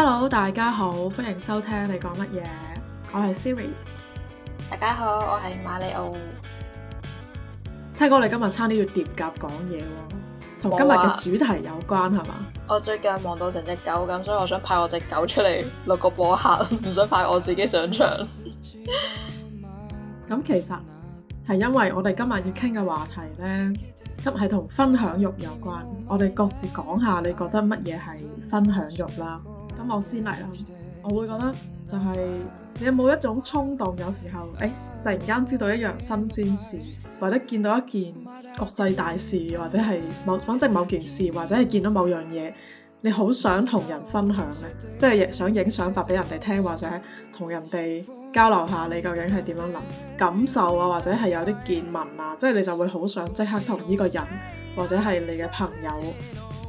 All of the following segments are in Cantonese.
Hello，大家好，歡迎收聽。你講乜嘢？我係 Siri。大家好，我係馬里奧。聽講你今日差啲要疊甲講嘢，同今日嘅主題有關係嘛？我，說吧我最近忙到成隻狗咁，所以我想派我隻狗出嚟錄個播客，唔想派我自己上場。咁 其實係因為我哋今日要傾嘅話題呢，今日係同分享欲有關。我哋各自講下，你覺得乜嘢係分享欲啦？咁我先嚟啦，我會覺得就係、是、你有冇一種衝動，有時候誒，突然間知道一樣新鮮事，或者見到一件國際大事，或者係某，反正某件事，或者係見到某樣嘢，你好想同人分享呢？即係想影相發俾人哋聽，或者同人哋交流下你究竟係點樣諗感受啊，或者係有啲見聞啊，即係你就會好想即刻同呢個人或者係你嘅朋友、誒、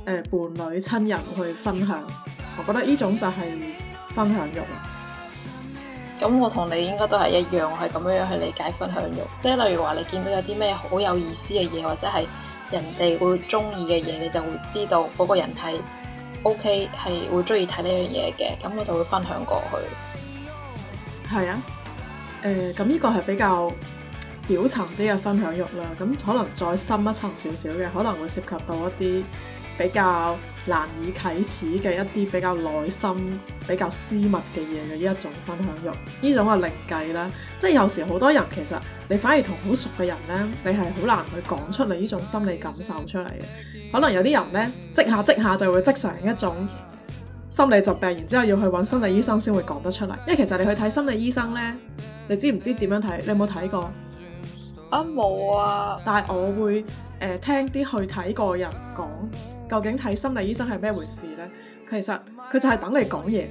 呃、伴侶、親人去分享。我覺得呢種就係分享欲啦。咁我同你應該都係一樣，我係咁樣樣去理解分享欲。即係例如話，你見到有啲咩好有意思嘅嘢，或者係人哋會中意嘅嘢，你就會知道嗰個人係 OK，係會中意睇呢樣嘢嘅。咁我就會分享過去。係啊。誒、呃，咁呢個係比較表層啲嘅分享欲啦。咁可能再深一層少少嘅，可能會涉及到一啲。比較難以啟齒嘅一啲比較內心、比較私密嘅嘢嘅呢一種分享欲，種呢種嘅靈計啦，即係有時好多人其實你反而同好熟嘅人呢，你係好難去講出嚟呢種心理感受出嚟嘅。可能有啲人呢，即下即下就會積成一種心理疾病，然之後要去揾心理醫生先會講得出嚟。因為其實你去睇心理醫生呢，你知唔知點樣睇？你有冇睇過？啊冇啊！啊但係我會誒、呃、聽啲去睇過人講。究竟睇心理醫生係咩回事呢？其實佢就係等你講嘢，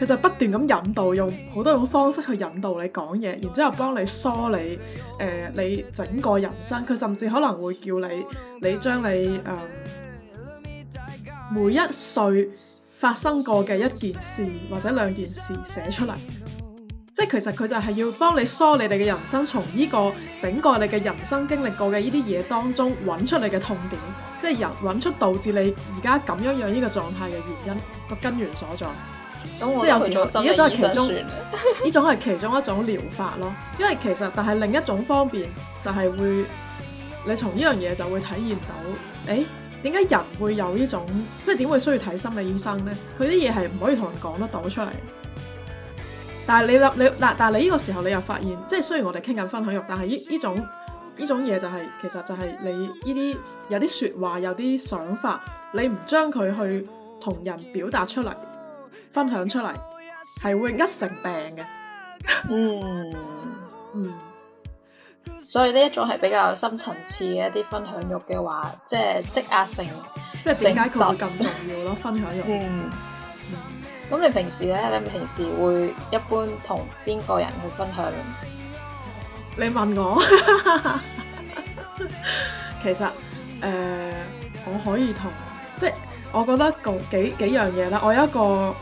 佢就不斷咁引導，用好多種方式去引導你講嘢，然之後幫你梳理誒、呃、你整個人生。佢甚至可能會叫你，你將你誒、呃、每一歲發生過嘅一件事或者兩件事寫出嚟。即係其實佢就係要幫你梳理你嘅人生，從呢個整個你嘅人生經歷過嘅呢啲嘢當中揾出你嘅痛點，即係人揾出導致你而家咁樣樣呢個狀態嘅原因個根源所在。咁我有做心理醫生算即係有時，呢種係其 其中一種療法咯。因為其實但係另一種方面就係、是、會你從呢樣嘢就會體驗到，誒，點解人會有呢種，即係點會需要睇心理醫生呢？佢啲嘢係唔可以同人講得到出嚟。但係你諗你，但但係你呢個時候你又發現，即係雖然我哋傾緊分享欲，但係呢呢種呢種嘢就係、是、其實就係你呢啲有啲說話有啲想法，你唔將佢去同人表達出嚟，分享出嚟，係會一成病嘅。嗯嗯，嗯，所以呢一種係比較深層次嘅一啲分享欲嘅話，即係積壓性，即係點解佢會咁重要咯？性疾 分享欲。嗯咁你平時咧？你平時會一般同邊個人去分享？你問我，其實誒，我可以同，即係我覺得個幾幾樣嘢啦。我有一個，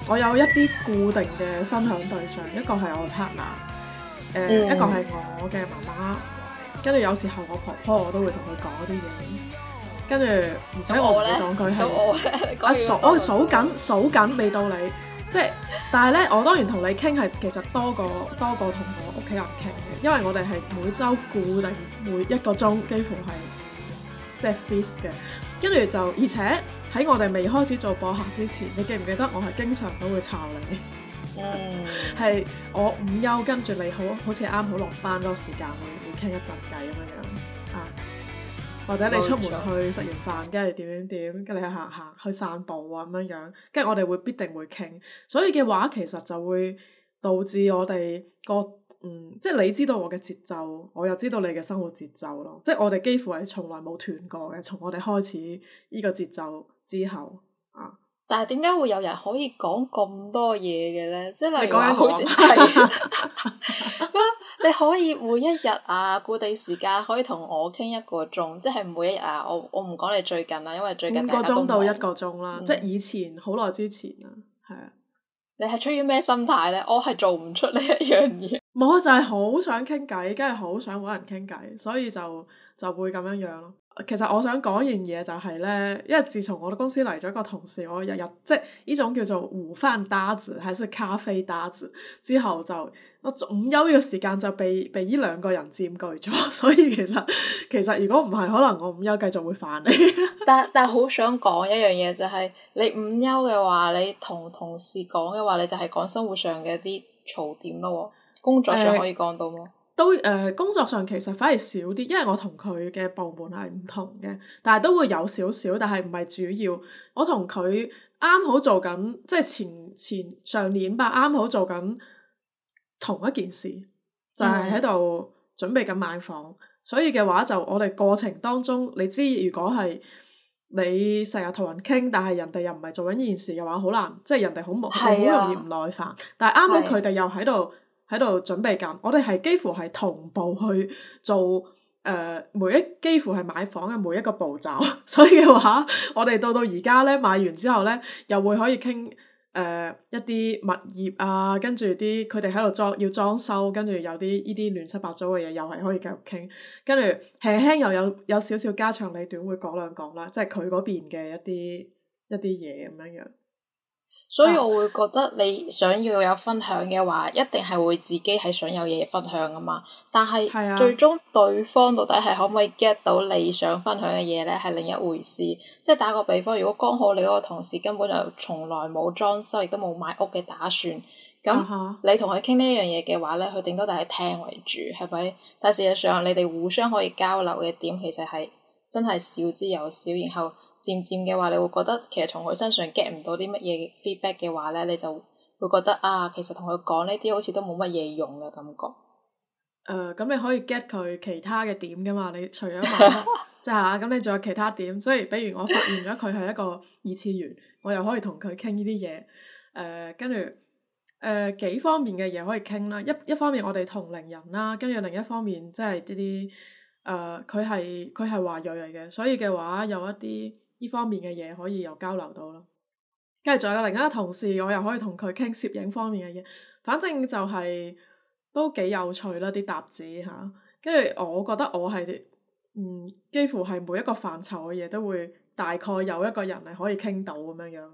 我有一啲固定嘅分享對象，一個係我 partner，誒，一個係我嘅媽媽，跟住有時候我婆婆我都會同佢講啲嘢，跟住唔使我講佢係我數，我數緊數緊，未到你。即係，但係咧，我當然同你傾係其實多過，多過同我屋企人傾嘅，因為我哋係每週固定每一個鐘，幾乎係即係 fix 嘅。跟住就而且喺我哋未開始做播客之前，你記唔記得我係經常都會吵你？嗯 Yeah. 係我午休跟住你好好似啱好落班嗰個時間，會會傾一陣偈咁樣樣。或者你出門去食完飯，跟住點點點，跟住行行去散步啊咁樣樣，跟住我哋會必定會傾，所以嘅話其實就會導致我哋個嗯，即係你知道我嘅節奏，我又知道你嘅生活節奏咯，即係我哋幾乎係從來冇斷過嘅，從我哋開始呢個節奏之後啊。但係點解會有人可以講咁多嘢嘅咧？即係例如好你好， 你可以每一日啊固定時間可以同我傾一個鐘，即係每一日啊。我我唔講你最近啦、啊，因為最近大家都忙。五個鐘到一個鐘啦，即係以前好耐、嗯、之前啊，係啊。你係出於咩心態咧？我係做唔出呢一樣嘢。冇 就係好想傾偈，跟住好想揾人傾偈，所以就就會咁樣樣咯。其實我想講一樣嘢就係、是、咧，因為自從我哋公司嚟咗個同事，我日日即係呢種叫做午飯搭子，係食咖啡搭子之後就，就我午休嘅時間就被被呢兩個人佔據咗，所以其實其實如果唔係，可能我午休繼續會煩你。但但好想講一樣嘢就係、是，你午休嘅話，你同同事講嘅話，你就係講生活上嘅啲槽點咯，工作上可以講到麼？欸都誒、呃、工作上其實反而少啲，因為我同佢嘅部門係唔同嘅，但係都會有少少，但係唔係主要。我同佢啱好做緊，即係前前上年吧，啱好做緊同一件事，就係喺度準備緊買房。的所以嘅話就我哋過程當中，你知如果係你成日同人傾，但係人哋又唔係做緊呢件事嘅話，好難，即係人哋好忙，好容易唔耐煩。的但係啱好佢哋又喺度。喺度準備緊，我哋係幾乎係同步去做誒每一幾乎係買房嘅每一個步驟， 所以嘅話，我哋到到而家咧買完之後咧，又會可以傾誒、呃、一啲物業啊，跟住啲佢哋喺度裝要裝修，跟住有啲呢啲亂七八糟嘅嘢，又係可以繼續傾，跟住輕輕又有有少少家長裏短會講兩講啦，即係佢嗰邊嘅一啲一啲嘢咁樣樣。所以我會覺得你想要有分享嘅話，一定係會自己係想有嘢分享㗎嘛。但係最終對方到底係可唔可以 get 到你想分享嘅嘢咧，係另一回事。即係打個比方，如果剛好你嗰個同事根本就從來冇裝修，亦都冇買屋嘅打算，咁你同佢傾呢樣嘢嘅話咧，佢頂多就係聽為主，係咪？但事實上你哋互相可以交流嘅點，其實係真係少之又少，然後。漸漸嘅話，你會覺得其實從佢身上 get 唔到啲乜嘢 feedback 嘅話咧，你就會覺得啊，其實同佢講呢啲好似都冇乜嘢用嘅感覺。誒、呃，咁你可以 get 佢其他嘅點㗎嘛？你除咗，即係啊，咁你仲有其他點？所以，比如我發現咗佢係一個二次元， 我又可以同佢傾呢啲嘢。誒、呃，跟住誒幾方面嘅嘢可以傾啦。一一方面我哋同齡人啦，跟住另一方面即係啲啲誒，佢係佢係華裔嚟嘅，所以嘅話有一啲。呢方面嘅嘢可以又交流到咯，跟住仲有另一個同事，我又可以同佢傾攝影方面嘅嘢。反正就係、是、都幾有趣啦，啲搭子嚇。跟、啊、住我覺得我係嗯幾乎係每一個範疇嘅嘢都會大概有一個人係可以傾到咁樣樣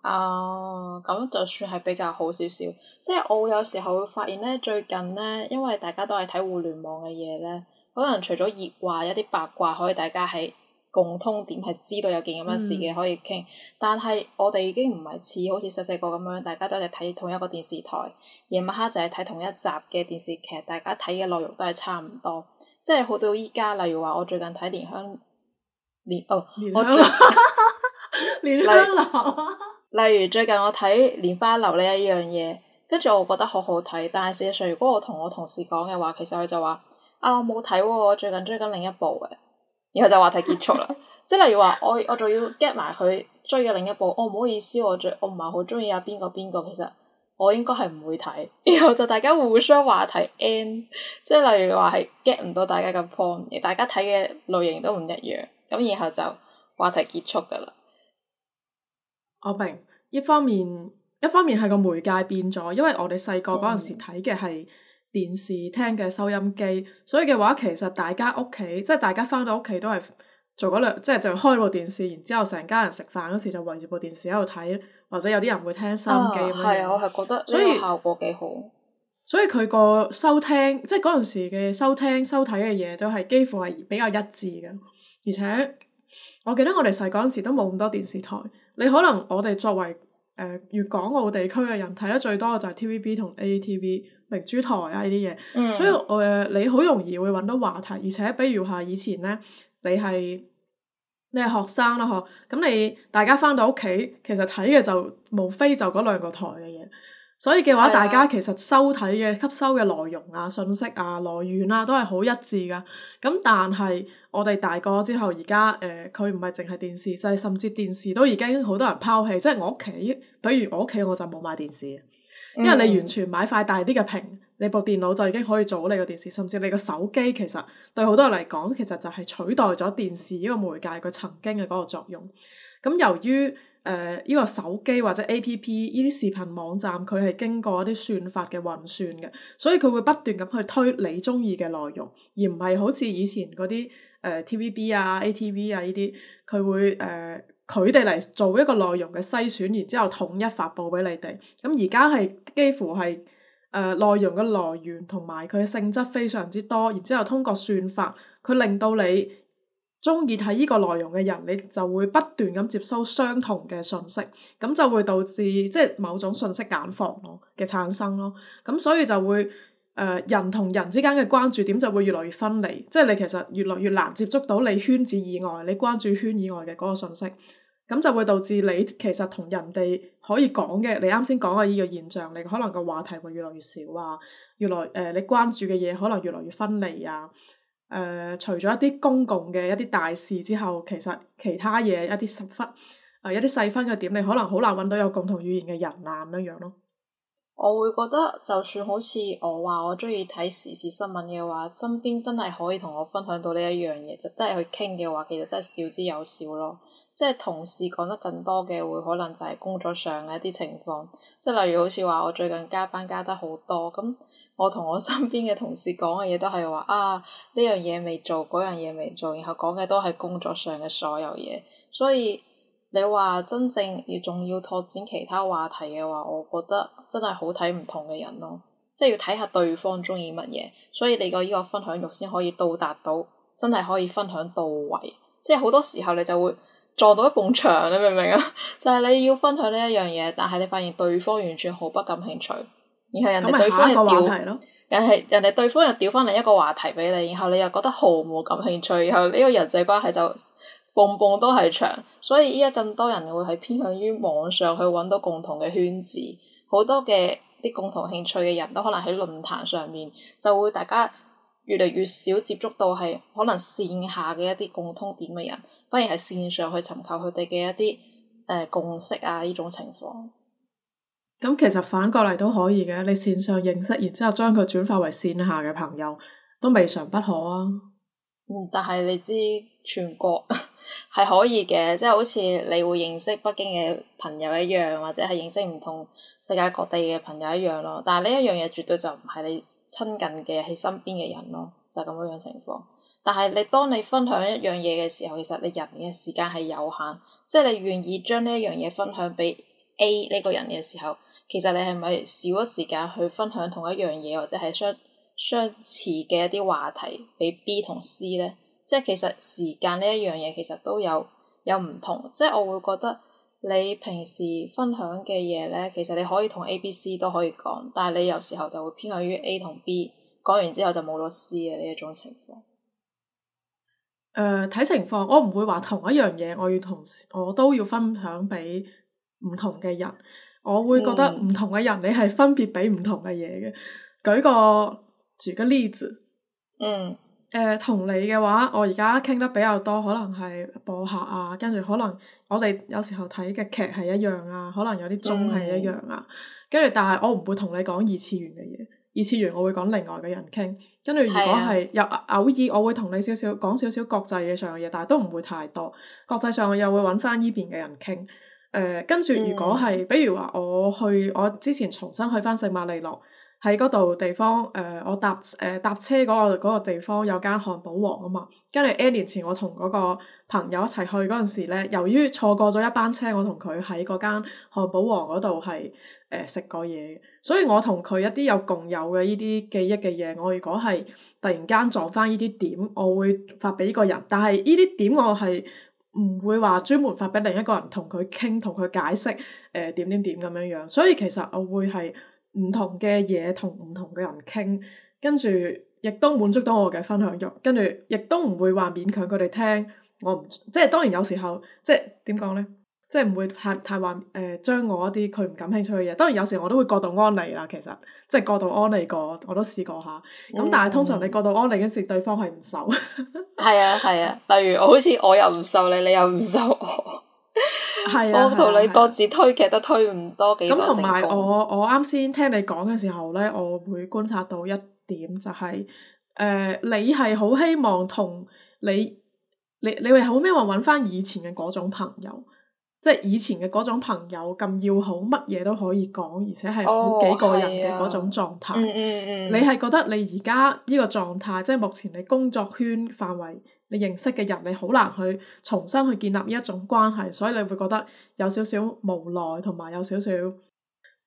啊。咁、哦、就算係比較好少少。即係我有時候會發現呢，最近呢，因為大家都係睇互聯網嘅嘢呢，可能除咗熱話有啲八卦可以大家喺。共通點係知道有件咁樣事嘅可以傾，嗯、但係我哋已經唔係似好似細細個咁樣，大家都係睇同一個電視台，夜晚黑就係睇同一集嘅電視劇，大家睇嘅內容都係差唔多。即係好到依家，例如話我最近睇《蓮香》，蓮哦，蓮香樓，蓮香樓啊最 樓！例如最近我睇《蓮花樓》呢一樣嘢，跟住我覺得好好睇，但係事實上如果我同我同事講嘅話，其實佢就話啊，我冇睇喎，我最近追緊另一部嘅。然後就話題結束啦， 即係例如話我我仲要 get 埋佢追嘅另一部，我、哦、唔好意思，我最我唔係好中意阿邊個邊個，其實我應該係唔會睇，然後就大家互相話題 end，即係例如話係 get 唔到大家嘅 point，大家睇嘅類型都唔一樣，咁然後就話題結束噶啦。我明，一方面一方面係個媒介變咗，因為我哋細個嗰陣時睇嘅係。嗯電視聽嘅收音機，所以嘅話其實大家屋企，即係大家翻到屋企都係做嗰兩，即係就開部電視，然之後成家人食飯嗰時就圍住部電視喺度睇，或者有啲人會聽收音機。啊，係啊，我係覺得，所以效果幾好所。所以佢個收聽，即係嗰陣時嘅收聽、收睇嘅嘢都係幾乎係比較一致嘅。而且我記得我哋細個嗰陣時都冇咁多電視台，你可能我哋作為。誒，粵、呃、港澳地區嘅人睇得最多嘅就係 TVB 同 ATV 明珠台啊，呢啲嘢，所以誒、呃、你好容易會揾到話題，而且比如話以前呢，你係你係學生囉，嗬，咁你大家返到屋企，其實睇嘅就無非就嗰兩個台嘅嘢。所以嘅話，的大家其實收睇嘅、吸收嘅內容啊、信息啊、來源啊，都係好一致噶。咁但係我哋大個之後，而家誒，佢唔係淨係電視，就係、是、甚至電視都已經好多人拋棄。即、就、係、是、我屋企，比如我屋企，我就冇買電視，因為你完全買塊大啲嘅屏，你部電腦就已經可以做你個電視，甚至你個手機其實對好多人嚟講，其實就係取代咗電視呢個媒介佢曾經嘅嗰個作用。咁由於誒呢、呃這個手機或者 A P P 呢啲視頻網站，佢係經過一啲算法嘅運算嘅，所以佢會不斷咁去推你中意嘅內容，而唔係好似以前嗰啲誒、呃、T V B 啊 A T V 啊呢啲，佢會誒佢哋嚟做一個內容嘅篩選，然之後統一發布俾你哋。咁而家係幾乎係誒內容嘅來源同埋佢嘅性質非常之多，然之後通過算法，佢令到你。中意睇呢個內容嘅人，你就會不斷咁接收相同嘅信息，咁就會導致即係某種信息繭房咯嘅產生咯。咁所以就會誒、呃、人同人之間嘅關注點就會越來越分離，即係你其實越來越難接觸到你圈子以外、你關注圈以外嘅嗰個信息，咁就會導致你其實同人哋可以講嘅，你啱先講嘅依個現象，你可能個話題會越來越少啊，越來誒、呃、你關注嘅嘢可能越來越分離啊。誒、呃，除咗一啲公共嘅一啲大事之後，其實其他嘢一啲十分，誒、呃、一啲細分嘅點，你可能好難揾到有共同語言嘅人啊咁樣樣咯。我會覺得，就算好似我話我中意睇時事新聞嘅話，身邊真係可以同我分享到呢一樣嘢，就真、是、係去傾嘅話，其實真係少之又少咯。即係同事講得更多嘅，會可能就係工作上嘅一啲情況。即係例如好似話我最近加班加得好多咁。我同我身邊嘅同事講嘅嘢都係話啊，呢樣嘢未做，嗰樣嘢未做，然後講嘅都係工作上嘅所有嘢，所以你話真正要仲要拓展其他話題嘅話，我覺得真係好睇唔同嘅人咯，即係要睇下對方鍾意乜嘢，所以你個呢個分享欲先可以到達到，真係可以分享到位，即係好多時候你就會撞到一埲牆，你明唔明啊？就係、是、你要分享呢一樣嘢，但係你發現對方完全毫不感興趣。然後人哋對方又調，人係人哋對方又調翻嚟一個話題畀你，然後你又覺得毫無感興趣，然後呢個人際關係就蹦蹦都係長。所以依家更多人會係偏向於網上去揾到共同嘅圈子，好多嘅啲共同興趣嘅人都可能喺論壇上面就會大家越嚟越少接觸到係可能線下嘅一啲共通點嘅人，反而係線上去尋求佢哋嘅一啲誒、呃、共識啊呢種情況。咁其實反過嚟都可以嘅，你線上認識，然之後將佢轉化為線下嘅朋友，都未嘗不可啊。嗯，但係你知全國係 可以嘅，即係好似你會認識北京嘅朋友一樣，或者係認識唔同世界各地嘅朋友一樣咯。但係呢一樣嘢絕對就唔係你親近嘅喺身邊嘅人咯，就咁樣樣情況。但係你當你分享一樣嘢嘅時候，其實你人嘅時間係有限，即係你願意將呢一樣嘢分享俾 A 呢個人嘅時候。其實你係咪少咗時間去分享同一樣嘢，或者係相相似嘅一啲話題俾 B 同 C 咧？即係其實時間呢一樣嘢，其實都有有唔同。即係我會覺得你平時分享嘅嘢咧，其實你可以同 A、B、C 都可以講，但係你有時候就會偏向於 A 同 B，講完之後就冇咗 C 嘅呢一種情況。誒、呃，睇情況，我唔會話同一樣嘢，我要同我都要分享俾唔同嘅人。我會覺得唔同嘅人，你係分別俾唔同嘅嘢嘅。舉個舉個例子，嗯，誒、呃，同你嘅話，我而家傾得比較多，可能係播客啊，跟住可能我哋有時候睇嘅劇係一樣啊，可能有啲綜係一樣啊，嗯、跟住但係我唔會同你講二次元嘅嘢，二次元我會講另外嘅人傾，跟住如果係有偶爾我會同你少少講少少國際嘅上嘅嘢，但係都唔會太多。國際上我又會揾翻呢邊嘅人傾。誒，跟住如果係，比如話我去我之前重新去翻聖馬利諾喺嗰度地方，誒、呃、我搭誒、呃、搭車嗰個嗰個地方有間漢堡王啊嘛，跟住 N 年前我同嗰個朋友一齊去嗰陣時咧，由於錯過咗一班車，我同佢喺嗰間漢堡王嗰度係誒食過嘢，所以我同佢一啲有共有嘅呢啲記憶嘅嘢，我如果係突然間撞翻呢啲點，我會發俾呢個人，但係呢啲點我係。唔會話專門發畀另一個人同佢傾，同佢解釋，誒、呃、點點點咁樣樣。所以其實我會係唔同嘅嘢同唔同嘅人傾，跟住亦都滿足到我嘅分享欲，跟住亦都唔會話勉強佢哋聽。我唔即係當然有時候即係點講咧？即係唔會太太話誒，將、呃、我一啲佢唔感興趣嘅嘢。當然有時我都會過度安利啦，其實即係過度安利過，我都試過下。咁、嗯、但係通常你過度安利時，一直、嗯、對方係唔受。係啊係啊，例如好似我又唔受你，你又唔受我。係啊。我同你各自推劇都推唔多幾。咁同埋我，我啱先聽你講嘅時候咧，我會觀察到一點、就是，就係誒，你係好希望同你你你會後尾話搵翻以前嘅嗰種朋友。即係以前嘅嗰種朋友咁要好，乜嘢都可以講，而且係好幾個人嘅嗰種狀態。Oh, 啊嗯嗯嗯、你係覺得你而家呢個狀態，即係目前你工作圈範圍，你認識嘅人，你好難去重新去建立呢一種關係，所以你會覺得有少少無奈同埋有少少誒、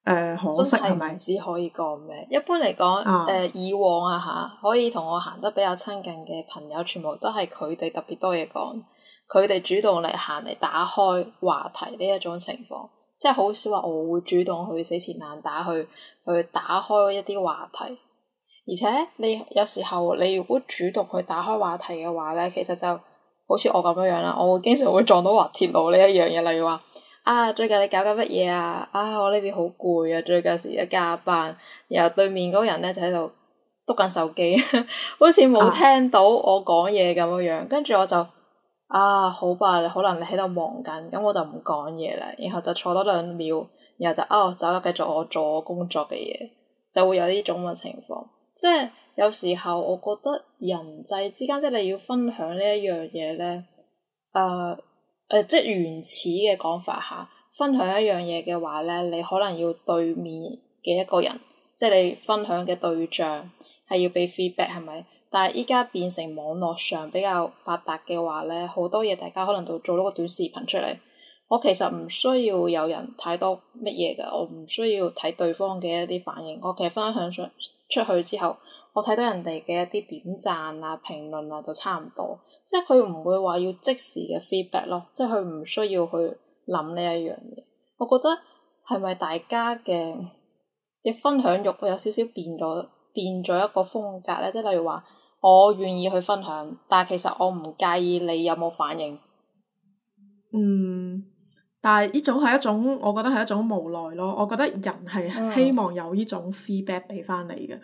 呃、可惜係。真只可以講咩？嗯、一般嚟講，誒、呃、以往啊嚇，可以同我行得比較親近嘅朋友，全部都係佢哋特別多嘢講，佢哋主動嚟行嚟打開話題呢一種情況，即係好少話。我會主動去死纏爛打去去打開一啲話題。而且你有時候你如果主動去打開話題嘅話咧，其實就好似我咁樣樣啦。我會經常會撞到滑鐵盧呢一樣嘢，例如話啊，最近你搞緊乜嘢啊？啊，我呢邊好攰啊，最近時一加班，然後對面嗰個人咧就喺度督緊手機， 好似冇聽到我講嘢咁樣樣。跟住、啊、我就。啊，好吧，你可能你喺度忙緊，咁我就唔講嘢啦，然後就坐多兩秒，然後就哦，走啦，繼續我做我工作嘅嘢，就會有呢種嘅情況。即係有時候，我覺得人際之間，即係你要分享呢一樣嘢咧，誒、呃、誒、呃，即係原始嘅講法嚇，分享一樣嘢嘅話咧，你可能要對面嘅一個人，即係你分享嘅對象 back, 是是，係要俾 feedback 係咪？但係而家變成網絡上比較發達嘅話咧，好多嘢大家可能就做咗個短視頻出嚟。我其實唔需要有人太多乜嘢㗎，我唔需要睇對方嘅一啲反應。我其實分享出出去之後，我睇到人哋嘅一啲點贊啊、評論啊就差唔多，即係佢唔會話要即時嘅 feedback 咯，即係佢唔需要去諗呢一樣嘢。我覺得係咪大家嘅嘅分享欲有少少變咗，變咗一個風格咧？即係例如話。我願意去分享，但係其實我唔介意你有冇反應。嗯，但係呢種係一種，我覺得係一種無奈咯。我覺得人係希望有呢種 feedback 俾翻你嘅，嗯、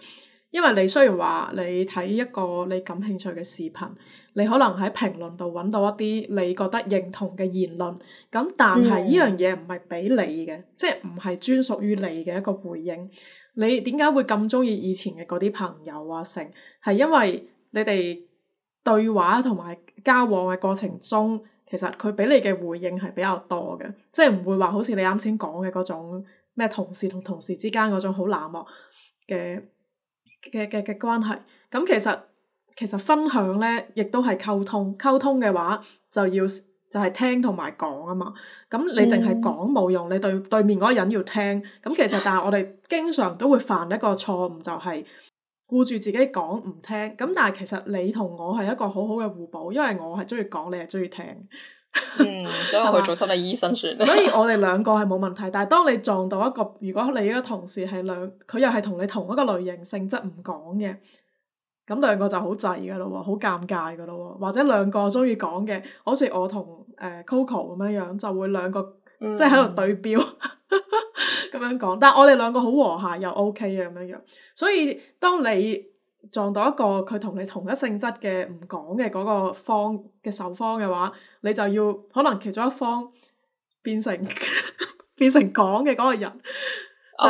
因為你雖然話你睇一個你感興趣嘅視頻，你可能喺評論度揾到一啲你覺得認同嘅言論，咁但係呢樣嘢唔係俾你嘅，嗯、即係唔係專屬於你嘅一個回應。你點解會咁鍾意以前嘅嗰啲朋友啊？成係因為？你哋對話同埋交往嘅過程中，其實佢俾你嘅回應係比較多嘅，即係唔會話好似你啱先講嘅嗰種咩同事同同事之間嗰種好冷漠嘅嘅嘅嘅關係。咁其實其實分享呢，亦都係溝通。溝通嘅話就要就係、是、聽同埋講啊嘛。咁你淨係講冇用，嗯、你對對面嗰個人要聽。咁其實 但係我哋經常都會犯一個錯誤，就係、是。顧住自己講唔聽，咁但係其實你同我係一個好好嘅互補，因為我係中意講，你係中意聽。 嗯，所以我去做心理醫生算。 所以我哋兩個係冇問題，但係當你撞到一個，如果你嘅同事係兩，佢又係同你同一個類型性質唔講嘅，咁兩個就好滯噶咯，好尷尬噶咯，或者兩個中意講嘅，好似我同誒 Coco 咁樣樣，就會兩個即係喺度對標。嗯。咁 樣講，但係我哋兩個好和諧又 OK 嘅。咁樣樣。所以當你撞到一個佢同你同一性質嘅唔講嘅嗰個方嘅受方嘅話，你就要可能其中一方變成 變成講嘅嗰個人。哦、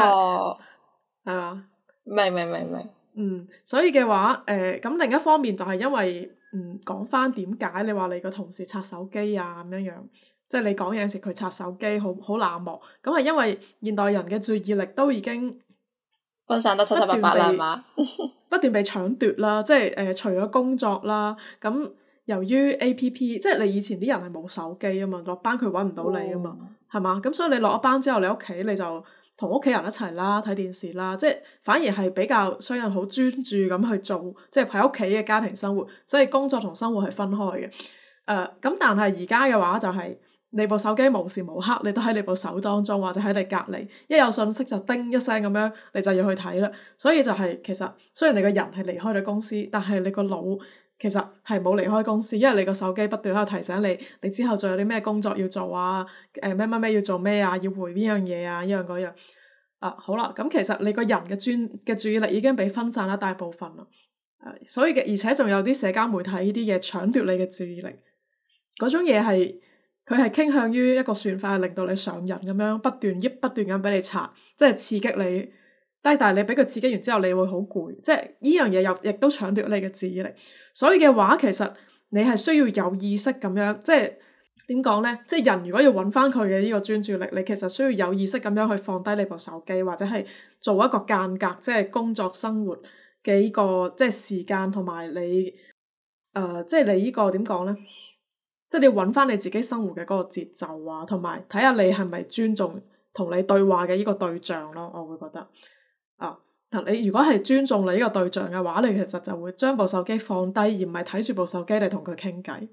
oh. 嗎，係嘛？明明明明，嗯。所以嘅話，誒、呃，咁另一方面就係因為，嗯，講翻點解你話你個同事拆手機啊，咁樣樣。即係你講嘢陣時，佢拆手機，好好冷漠。咁係因為現代人嘅注意力都已經分散得七七八八啦，係嘛？ 不斷被搶奪啦，即係誒、呃，除咗工作啦，咁、嗯、由於 A P P，即係你以前啲人係冇手機啊嘛，落班佢揾唔到你啊嘛，係嘛、哦？咁所以你落咗班之後，你屋企你就同屋企人一齊啦，睇電視啦，即係反而係比較需要人好專注咁去做，即係喺屋企嘅家庭生活，所以工作同生活係分開嘅。誒、呃，咁但係而家嘅話就係、是。你部手機無時無刻你都喺你部手當中，或者喺你隔離，一有信息就叮一聲咁樣，你就要去睇啦。所以就係、是、其實雖然你個人係離開咗公司，但係你個腦其實係冇離開公司，因為你個手機不斷喺度提醒你，你之後仲有啲咩工作要做啊？誒咩咩咩要做咩啊？要回邊樣嘢啊？一樣嗰樣啊，好啦，咁、嗯、其實你個人嘅專嘅注意力已經被分散咗大部分啦、啊，所以而且仲有啲社交媒體呢啲嘢搶奪你嘅注意力，嗰種嘢係。佢係傾向於一個算法，令到你上癮咁樣不斷、不斷咁俾你查，即係刺激你。但係你俾佢刺激完之後，你會好攰，即係呢樣嘢又亦都搶奪你嘅注意力。所以嘅話，其實你係需要有意識咁樣，即係點講呢？即係人如果要揾翻佢嘅呢個專注力，你其實需要有意識咁樣去放低你部手機，或者係做一個間隔，即係工作生活嘅依、呢個即係時間同埋你，誒、呃，即係你呢、呢個點講呢？即係你要揾翻你自己生活嘅嗰個節奏啊，同埋睇下你係咪尊重同你對話嘅呢個對象咯，啊，我會覺得啊，嗱你如果係尊重你呢個對象嘅話，你其實就會將部手機放低，而唔係睇住部手機嚟同佢傾偈。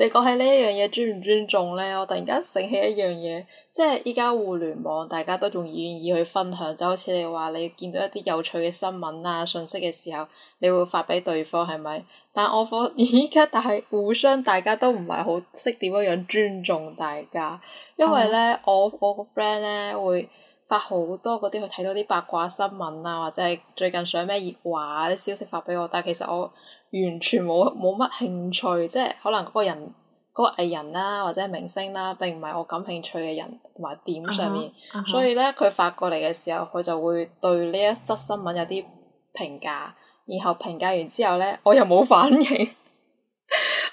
你講起呢一樣嘢尊唔尊重咧，我突然間醒起一樣嘢，即係依家互聯網，大家都仲願意去分享，就好似你話你見到一啲有趣嘅新聞啊、信息嘅時候，你會發畀對方係咪？但我而家但係互相大家都唔係好識點樣尊重大家，因為咧、嗯、我我個 friend 咧會。發好多嗰啲去睇到啲八卦新聞啊，或者係最近上咩熱話啲、啊、消息發畀我，但係其實我完全冇冇乜興趣，即係可能嗰個人嗰、那個嗰個藝人啦、啊，或者明星啦、啊，並唔係我感興趣嘅人同埋點上面，uh huh, uh huh. 所以咧，佢發過嚟嘅時候，佢就會對呢一則新聞有啲評價，然後評價完之後咧，我又冇反應，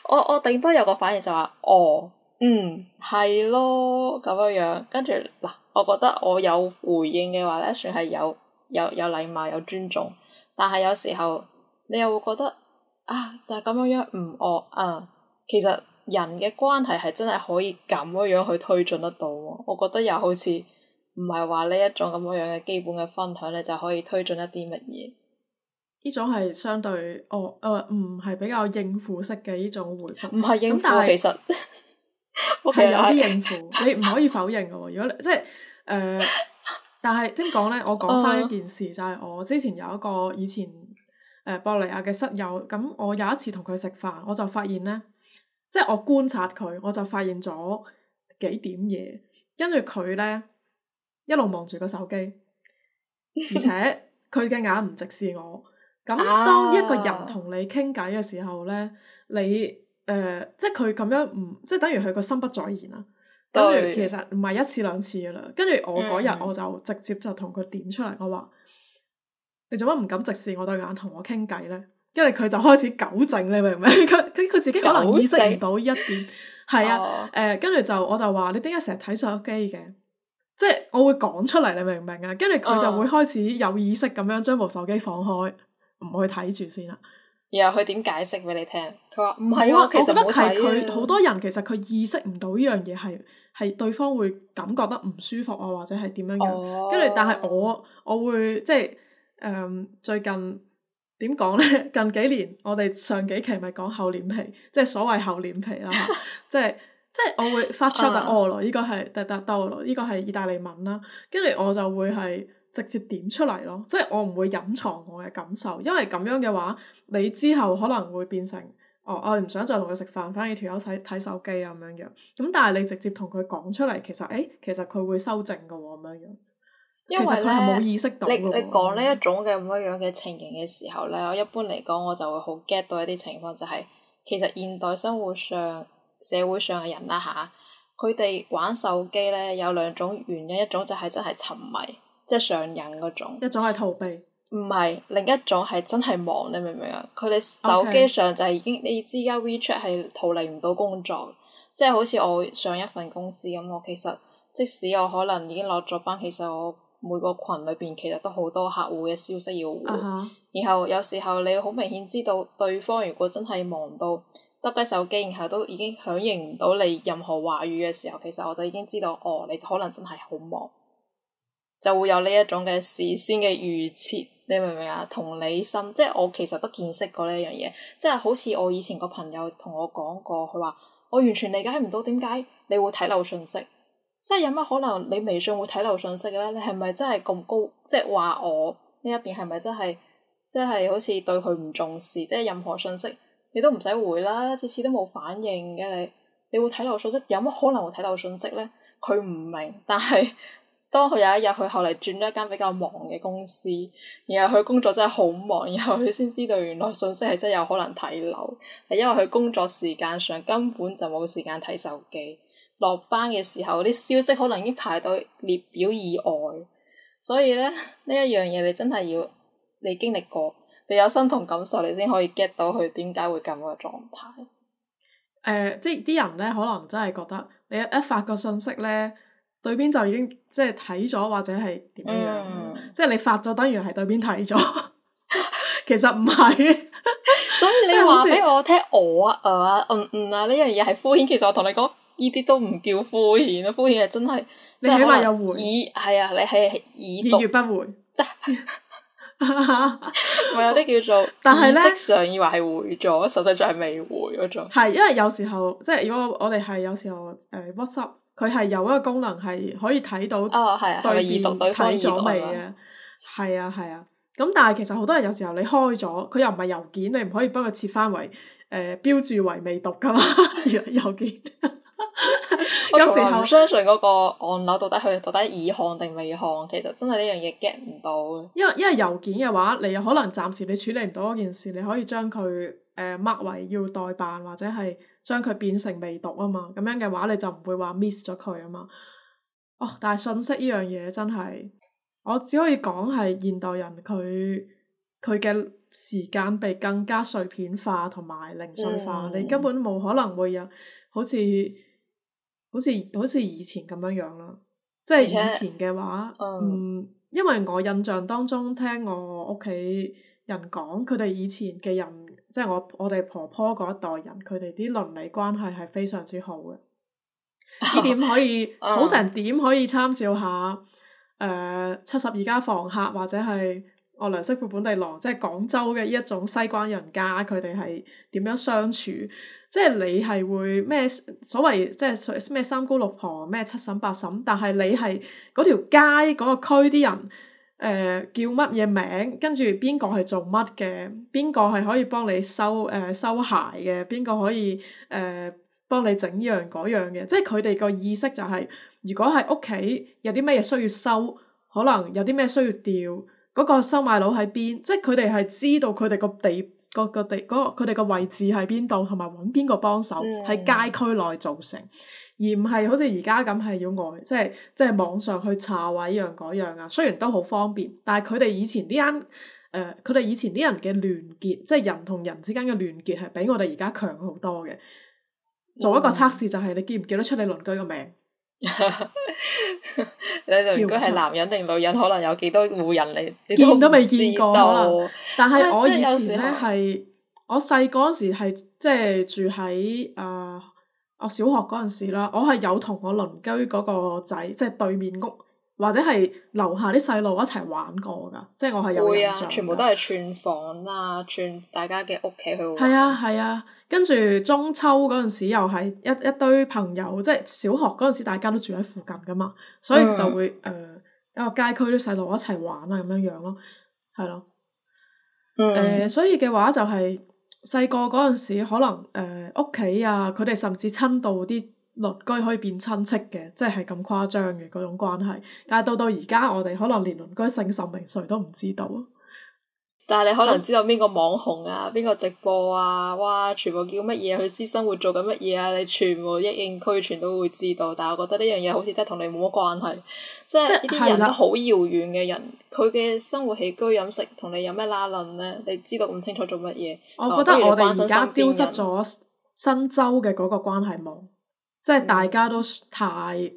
我我頂多有個反應就話，哦，嗯，係咯，咁樣樣，跟住嗱。我覺得我有回應嘅話咧，算係有有有禮貌有尊重，但係有時候你又會覺得啊，就係、是、咁樣樣唔惡啊，其實人嘅關係係真係可以咁樣樣去推進得到。我覺得又好似唔係話呢一種咁樣樣嘅基本嘅分享你就可以推進一啲乜嘢？呢種係相對哦，誒唔係比較應付式嘅呢種回應，唔係應付其實。係 Okay. 有啲應付， 你唔可以否認噶喎。如果你即係誒、呃，但係點講咧？我講翻一件事，uh, 就係我之前有一個以前誒、呃、博尼亞嘅室友。咁我有一次同佢食飯，我就發現咧，即係我觀察佢，我就發現咗幾點嘢。跟住佢咧一路望住個手機，uh, 而且佢嘅眼唔直視我。咁當一個人同你傾偈嘅時候咧，uh，你。誒、呃，即係佢咁樣唔、嗯，即係等於佢個心不在焉啦。跟住對其實唔係一次兩次噶啦。跟住我嗰日我就直接就同佢點出嚟，我話你做乜唔敢直視我對眼同我傾偈咧？跟住佢就開始糾正，你明唔明？佢佢自己可能意識唔到呢一點。係糾正 啊，誒、嗯，跟住就我就話 你點解成日睇手機嘅？即係我會講出嚟，你明唔明啊？跟住佢就會開始有意識咁樣將部手機放開，唔去睇住先啦。然後佢點解釋俾你聽？佢話唔係喎，哇其實 我覺得係佢好、啊、多人其實佢意識唔到呢樣嘢係係對方會感覺得唔舒服啊，或者係點樣樣。跟住、oh. 但係我我會即係誒、嗯、最近點講呢？ 近幾年我哋上幾期咪講厚臉皮，即係所謂厚臉皮啦， 即係即係我會發出啊、oh.！哦羅，呢個係特特多羅，呢個係意大利文啦。跟住我就會係。直接點出嚟咯，即係我唔會隱藏我嘅感受，因為咁樣嘅話，你之後可能會變成哦，我唔想再同佢食飯，反而條友睇睇手機啊咁樣樣。咁但係你直接同佢講出嚟，其實誒、欸，其實佢會修正嘅喎咁樣樣。因為其實佢係冇意識到嘅。你講呢一種嘅咁樣嘅情形嘅時候咧，我一般嚟講我就會好 get 到一啲情況，就係、是、其實現代生活上社會上嘅人啦、啊，吓佢哋玩手機咧有兩種原因，一種就係真係沉迷。即係上癮嗰種，一種係逃避，唔係，另一種係真係忙，你明唔明啊？佢哋手機上就係已經，你知而家 WeChat 係逃離唔到工作，即係好似我上一份公司咁，我其實即使我可能已經落咗班，其實我每個群裏邊其實都好多客戶嘅消息要回，uh huh. 然後有時候你好明顯知道對方如果真係忙到得低手機，然後都已經響應唔到你任何話語嘅時候，其實我就已經知道，哦，你可能真係好忙。就會有呢一種嘅事先嘅預設，你明唔明啊？同理心，即係我其實都見識過呢樣嘢，即係好似我以前個朋友同我講過，佢話，我完全理解唔到點解你會睇漏信息，即係有乜可能你微信會睇漏信息嘅咧？你係咪真係咁高？即係話我呢一邊係咪真係，即係好似對佢唔重視？即係任何信息你都唔使回啦，次次都冇反應嘅你，你會睇漏信息？有乜可能會睇漏信息咧？佢唔明，但係。當佢有一日，佢後嚟轉咗一間比較忙嘅公司，然後佢工作真係好忙，然後佢先知道原來信息係真係有可能睇漏，係因為佢工作時間上根本就冇時間睇手機。落班嘅時候，啲消息可能已經排到列表以外，所以咧，呢一樣嘢你真係要你經歷過，你有身同感受，你先可以 get 到佢點解會咁嘅狀態。誒、呃，即係啲人咧，可能真係覺得你一，一發個信息咧。對邊就已經即係睇咗或者係點樣？即係你發咗，等於係對邊睇咗。其實唔係，所以你話俾我聽 test,，我、uh, 誒、uh, 嗯嗯啊呢樣嘢係敷衍。其實我同你講，呢啲都唔叫敷衍啊！敷衍係真係，你起碼有回已係啊，你係已已讀不回。我有啲叫做，但係咧，意識上以為係回咗，實際上係未回嗰種。係因為有時候，即、就、係、是、如果我哋係有時候誒 WhatsApp。佢係有一個功能係可以睇到啊，係、係已讀，對方已讀咗未啊？係啊係啊。咁但係其實好多人有時候你開咗，佢又唔係郵件，你唔可以幫佢設翻為誒、呃、標註為未讀噶嘛 郵件。 有時候我從來唔相信嗰個按鈕到底佢係到底已看定未看，其實真係呢樣嘢 get 唔到。因為因為郵件嘅話，你有可能暫時你處理唔到嗰件事，你可以將佢誒 mark 為要代辦或者係。將佢變成未讀啊嘛，咁樣嘅話你就唔會話 miss 咗佢啊嘛。哦，但係信息呢樣嘢真係，我只可以講係現代人佢佢嘅時間被更加碎片化同埋零碎化，嗯，你根本冇可能會有好似好似好似以前咁樣樣啦。即係實以前嘅話，嗯，因為我印象當中聽我屋企人講，佢哋以前嘅人。即係我我哋婆婆嗰一代人，佢哋啲鄰里關係係非常之好嘅，呢 點可以 好成點可以參照下？誒、呃，七十二家房客或者係外來媳婦本地郎，即係廣州嘅呢一種西關人家，佢哋係點樣相處？即係你係會咩所謂即係咩三姑六婆咩七嬸八嬸，但係你係嗰條街嗰、嗰個區啲人。誒、呃，叫乜嘢名？跟住邊個係做乜嘅？邊個係可以幫你收誒、呃、收鞋嘅？邊個可以誒幫、呃、你整依樣嗰樣嘅？即係佢哋個意識就係、是，如果係屋企有啲乜嘢需要收，可能有啲咩需要掉，嗰、那個收買佬喺邊？即係佢哋係知道佢哋個地、嗰個,個地、個佢哋個位置喺邊度，同埋揾邊個幫手喺街區內造成。而唔係好似而家咁，係要外，即係即係網上去查位依樣嗰樣啊。雖然都好方便，但係佢哋以前啲人，誒、呃，佢哋以前啲人嘅聯結，即係人同人之間嘅聯結，係比我哋而家強好多嘅。做一個測試，就是，就係你記唔記得出你鄰居個名？你鄰居係男人定女人？可能有幾多戶人嚟？見都未見過。但係我以前咧係 我細個嗰時係即係住喺啊。呃我小學嗰陣時啦，我係有同我鄰居嗰個仔，即係對面屋或者係樓下啲細路一齊玩過噶，即係我係有。會啊！全部都係串房啦，串大家嘅屋企去玩。係啊係啊，跟住中秋嗰陣時又係一一堆朋友，即係小學嗰陣時大家都住喺附近噶嘛，所以就會誒一個街區啲細路一齊玩啊咁樣樣咯，係咯。誒，所以嘅話就係。細個嗰陣時，可能誒屋企啊，佢哋甚至親到啲鄰居可以變親戚嘅，即係咁誇張嘅嗰種關係。但係到到而家，我哋可能連鄰居姓甚名誰都唔知道。但係你可能知道邊個網紅啊，邊個直播啊，哇！全部叫乜嘢？佢私生活做緊乜嘢啊？你全部一應俱全都會知道。但係我覺得呢樣嘢好似真係同你冇乜關係，即係呢啲人都好遙遠嘅人，佢嘅生活起居飲食同你有咩拉褦呢？你知道唔清楚做乜嘢？我覺得我哋而家丟失咗新周嘅嗰個關係網，即係大家都太、嗯、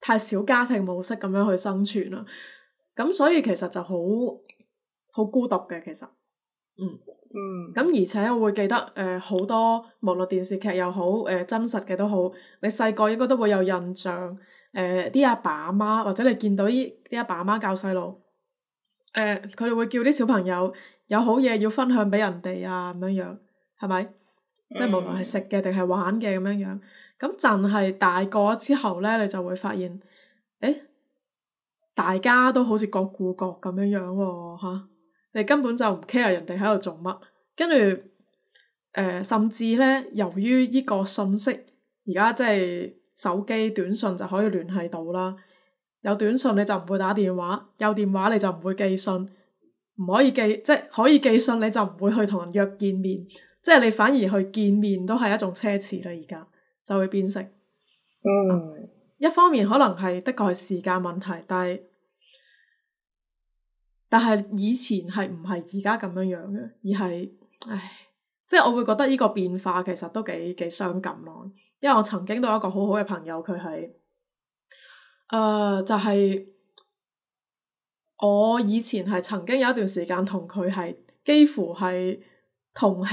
太小家庭模式咁樣去生存啦。咁所以其實就好。好孤獨嘅，其實，嗯嗯，咁而且我會記得誒，好、呃、多無論電視劇又好，誒、呃、真實嘅都好，你細個應該都會有印象，誒啲阿爸阿媽或者你見到啲啲阿爸阿媽教細路，誒佢哋會叫啲小朋友有好嘢要分享俾人哋啊咁樣樣，係咪？嗯、即係無論係食嘅定係玩嘅咁樣樣，咁陣係大個之後呢，你就會發現，誒、欸，大家都好似各顧各咁樣樣喎，吓、啊。你根本就唔 care 人哋喺度做乜，跟住誒，甚至咧，由於呢個信息而家即係手機短信就可以聯繫到啦。有短信你就唔會打電話，有電話你就唔會寄信，唔可以寄，即係可以寄信你就唔會去同人約見面，即係你反而去見面都係一種奢侈啦。而家就會變成，嗯、啊，一方面可能係的確係時間問題，但係，但係以前係唔係而家咁樣樣嘅，而係，唉，即係我會覺得呢個變化其實都幾幾傷感咯。因為我曾經都有一個好好嘅朋友，佢喺，誒、呃，就係、是、我以前係曾經有一段時間同佢係幾乎係同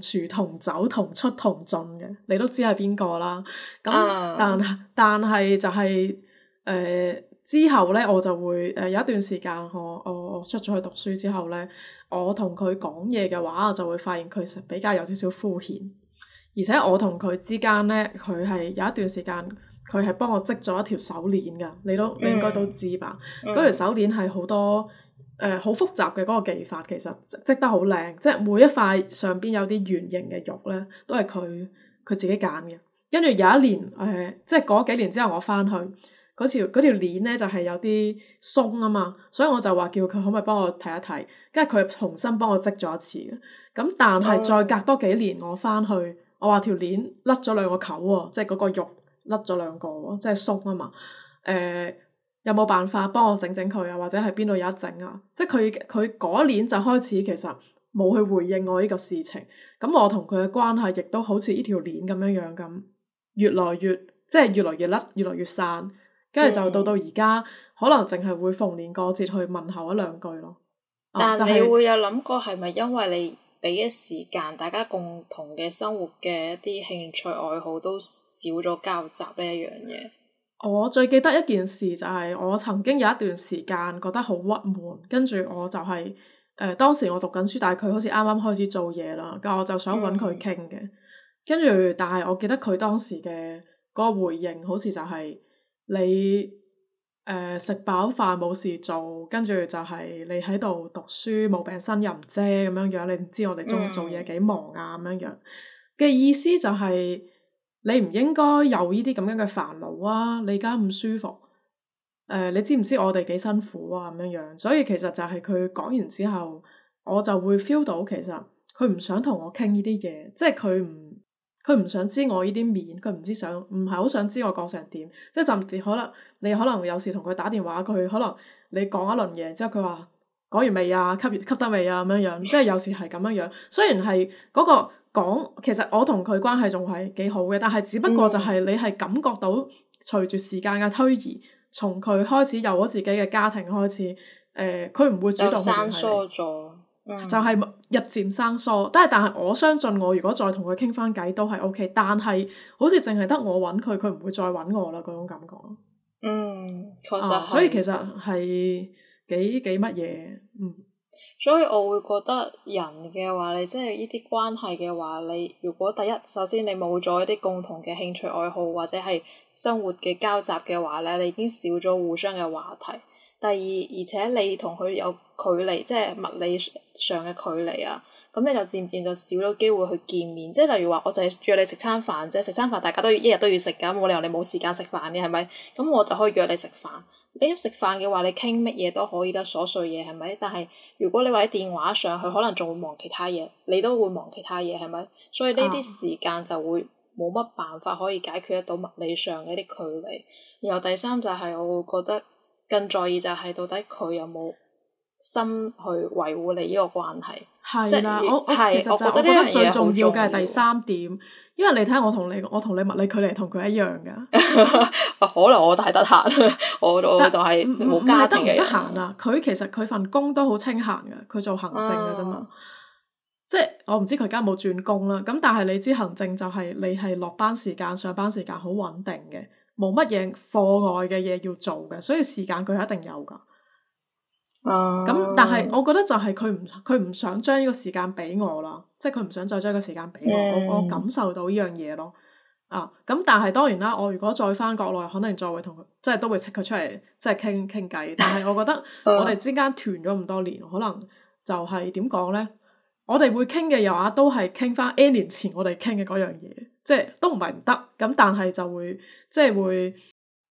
吃同住同走同出同進嘅，你都知係邊個啦。咁但、啊、但係就係、是，誒、呃、之後咧我就會，誒、呃、有一段時間我我。我我出咗去讀書之後呢，我同佢講嘢嘅話，我就會發現佢比較有少少敷衍，而且我同佢之間呢，佢係有一段時間，佢係幫我織咗一條手鏈噶，你都你應該都知吧？嗰條手鏈係好多誒，好、呃、複雜嘅嗰個技法，其實織得好靚，即係每一塊上邊有啲圓形嘅玉呢，都係佢佢自己揀嘅。跟住有一年誒、呃，即係嗰幾年之後，我翻去。嗰條嗰條鏈咧就係、是、有啲鬆啊嘛，所以我就話叫佢可唔可以幫我睇一睇，跟住佢重新幫我織咗一次。咁但係再隔多幾年，我翻去我話條鏈甩咗兩個球喎，即係嗰個肉甩咗兩個，即係鬆啊嘛。誒、呃、有冇辦法幫我整整佢啊？或者係邊度有得整啊？即係佢佢嗰年就開始其實冇去回應我呢個事情，咁我同佢嘅關係亦都好似呢條鏈咁樣樣咁，越來越即係越來越甩，越來越散。跟住就到到而家，可能淨係會逢年過節去問候一兩句咯。哦、但係、就是、你會有諗過，係咪因為你俾嘅時間，大家共同嘅生活嘅一啲興趣愛好都少咗交集呢一樣嘢？我最記得一件事就係、是、我曾經有一段時間覺得好鬱悶，跟住我就係、是、誒、呃、當時我讀緊書，但係佢好似啱啱開始做嘢啦，咁我就想揾佢傾嘅。跟住、嗯，但係我記得佢當時嘅嗰個回應好、就是，好似就係。你誒食、呃、飽飯冇事做，跟住就係你喺度讀書冇病呻吟啫咁樣樣，你唔知我哋做做嘢幾忙啊咁樣樣嘅意思就係、是、你唔應該有呢啲咁樣嘅煩惱啊！你而家咁舒服，誒、呃、你知唔知我哋幾辛苦啊咁樣樣，所以其實就係佢講完之後，我就會 feel 到其實佢唔想同我傾呢啲嘢，即係佢唔。佢唔想知我呢啲面，佢唔知想，唔係好想知我過成點，即係甚至可能你可能有時同佢打電話，佢可能你講一輪嘢之後，佢話講完未啊，吸完吸得未啊咁樣樣，即係有時係咁樣樣。雖然係嗰個講，其實我同佢關係仲係幾好嘅，但係只不過就係你係感覺到隨住時間嘅推移，嗯、從佢開始有咗自己嘅家庭開始，誒、呃，佢唔會主動生疏咗，就係、是。嗯日漸生疏，但係但係我相信我如果再同佢傾翻偈都係 OK，但係好似淨係得我揾佢，佢唔會再揾我啦嗰種感覺。嗯，確實、啊。所以其實係幾幾乜嘢？嗯，所以我會覺得人嘅話，你即係呢啲關係嘅話，你如果第一首先你冇咗一啲共同嘅興趣愛好或者係生活嘅交集嘅話咧，你已經少咗互相嘅話題。第二，而且你同佢有距離，即係物理上嘅距離啊。咁你就漸漸就少咗機會去見面。即係例如話，我就係約你食餐飯啫，食餐飯大家都一日都要食㗎，冇理由你冇時間食飯嘅係咪？咁我就可以約你食飯。你一食飯嘅話，你傾乜嘢都可以得，瑣碎嘢係咪？但係如果你話喺電話上，佢可能仲會忙其他嘢，你都會忙其他嘢係咪？所以呢啲時間就會冇乜辦法可以解決得到物理上嘅一啲距離。然後第三就係我會覺得。更在意就係到底佢有冇心去維護你呢個關係，的即係是我係、就是、我覺得呢樣嘢好重要嘅第三點，因為你睇我同你我同你物理距離同佢一樣㗎， 可能我大得閒， 我但我都係冇家庭嘅閒啦。佢、嗯、其實佢份工都好清閒嘅，佢做行政嘅啫嘛。即係、啊、我唔知佢而家有冇轉工啦。咁但係你知行政就係你係落班時間、上班時間好穩定嘅。冇乜嘢課外嘅嘢要做嘅，所以時間佢係一定有噶。咁、uh、但係我覺得就係佢唔佢唔想將呢個時間俾我啦，即係佢唔想再將個時間俾我。Mm. 我我感受到呢樣嘢咯。啊，咁但係當然啦，我如果再翻國內，可能再會同佢，即係都會請佢出嚟即係傾傾偈。但係我覺得我哋之間斷咗咁多年，uh、可能就係點講咧？我哋會傾嘅又話都係傾翻 N 年前我哋傾嘅嗰樣嘢。即係都唔係唔得，咁但係就會即係會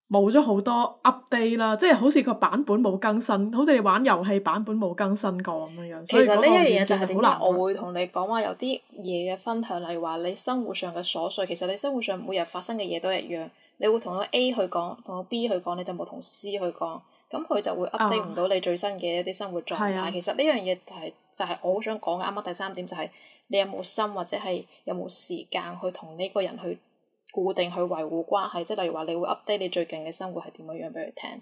冇咗好多 update 啦，即係好似個版本冇更新，好似你玩遊戲版本冇更新過咁樣樣。其實呢一樣嘢就係點解我會同你講話有啲嘢嘅分享，例如話你生活上嘅瑣碎，其實你生活上每日發生嘅嘢都一樣，你會同個 A 去講，同個 B 去講，你就冇同 C 去講。咁佢就會 update 唔到你最新嘅一啲生活狀態。的其實呢樣嘢就係就係我好想講，啱啱第三點，就係你有冇心，或者係有冇時間去同呢個人去固定去維護關係。即係例如話，你會 update 你最近嘅生活係點樣樣俾佢聽。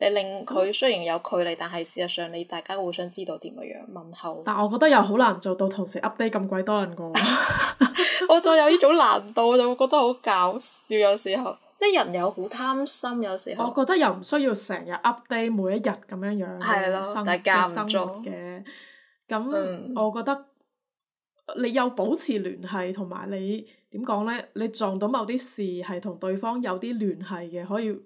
你令佢雖然有距離，但係事實上你大家互相知道點樣問候。但我覺得又好難做到同時 update 咁鬼多人個 我再有呢種難度我就會覺得好搞笑。有時候即係人有好貪心，有時候。時候我覺得又唔需要成日 update 每一日咁樣樣，生嘅生活嘅。咁我覺得你有保持聯繫，同埋你點講呢？你撞到某啲事係同對方有啲聯繫嘅，可以。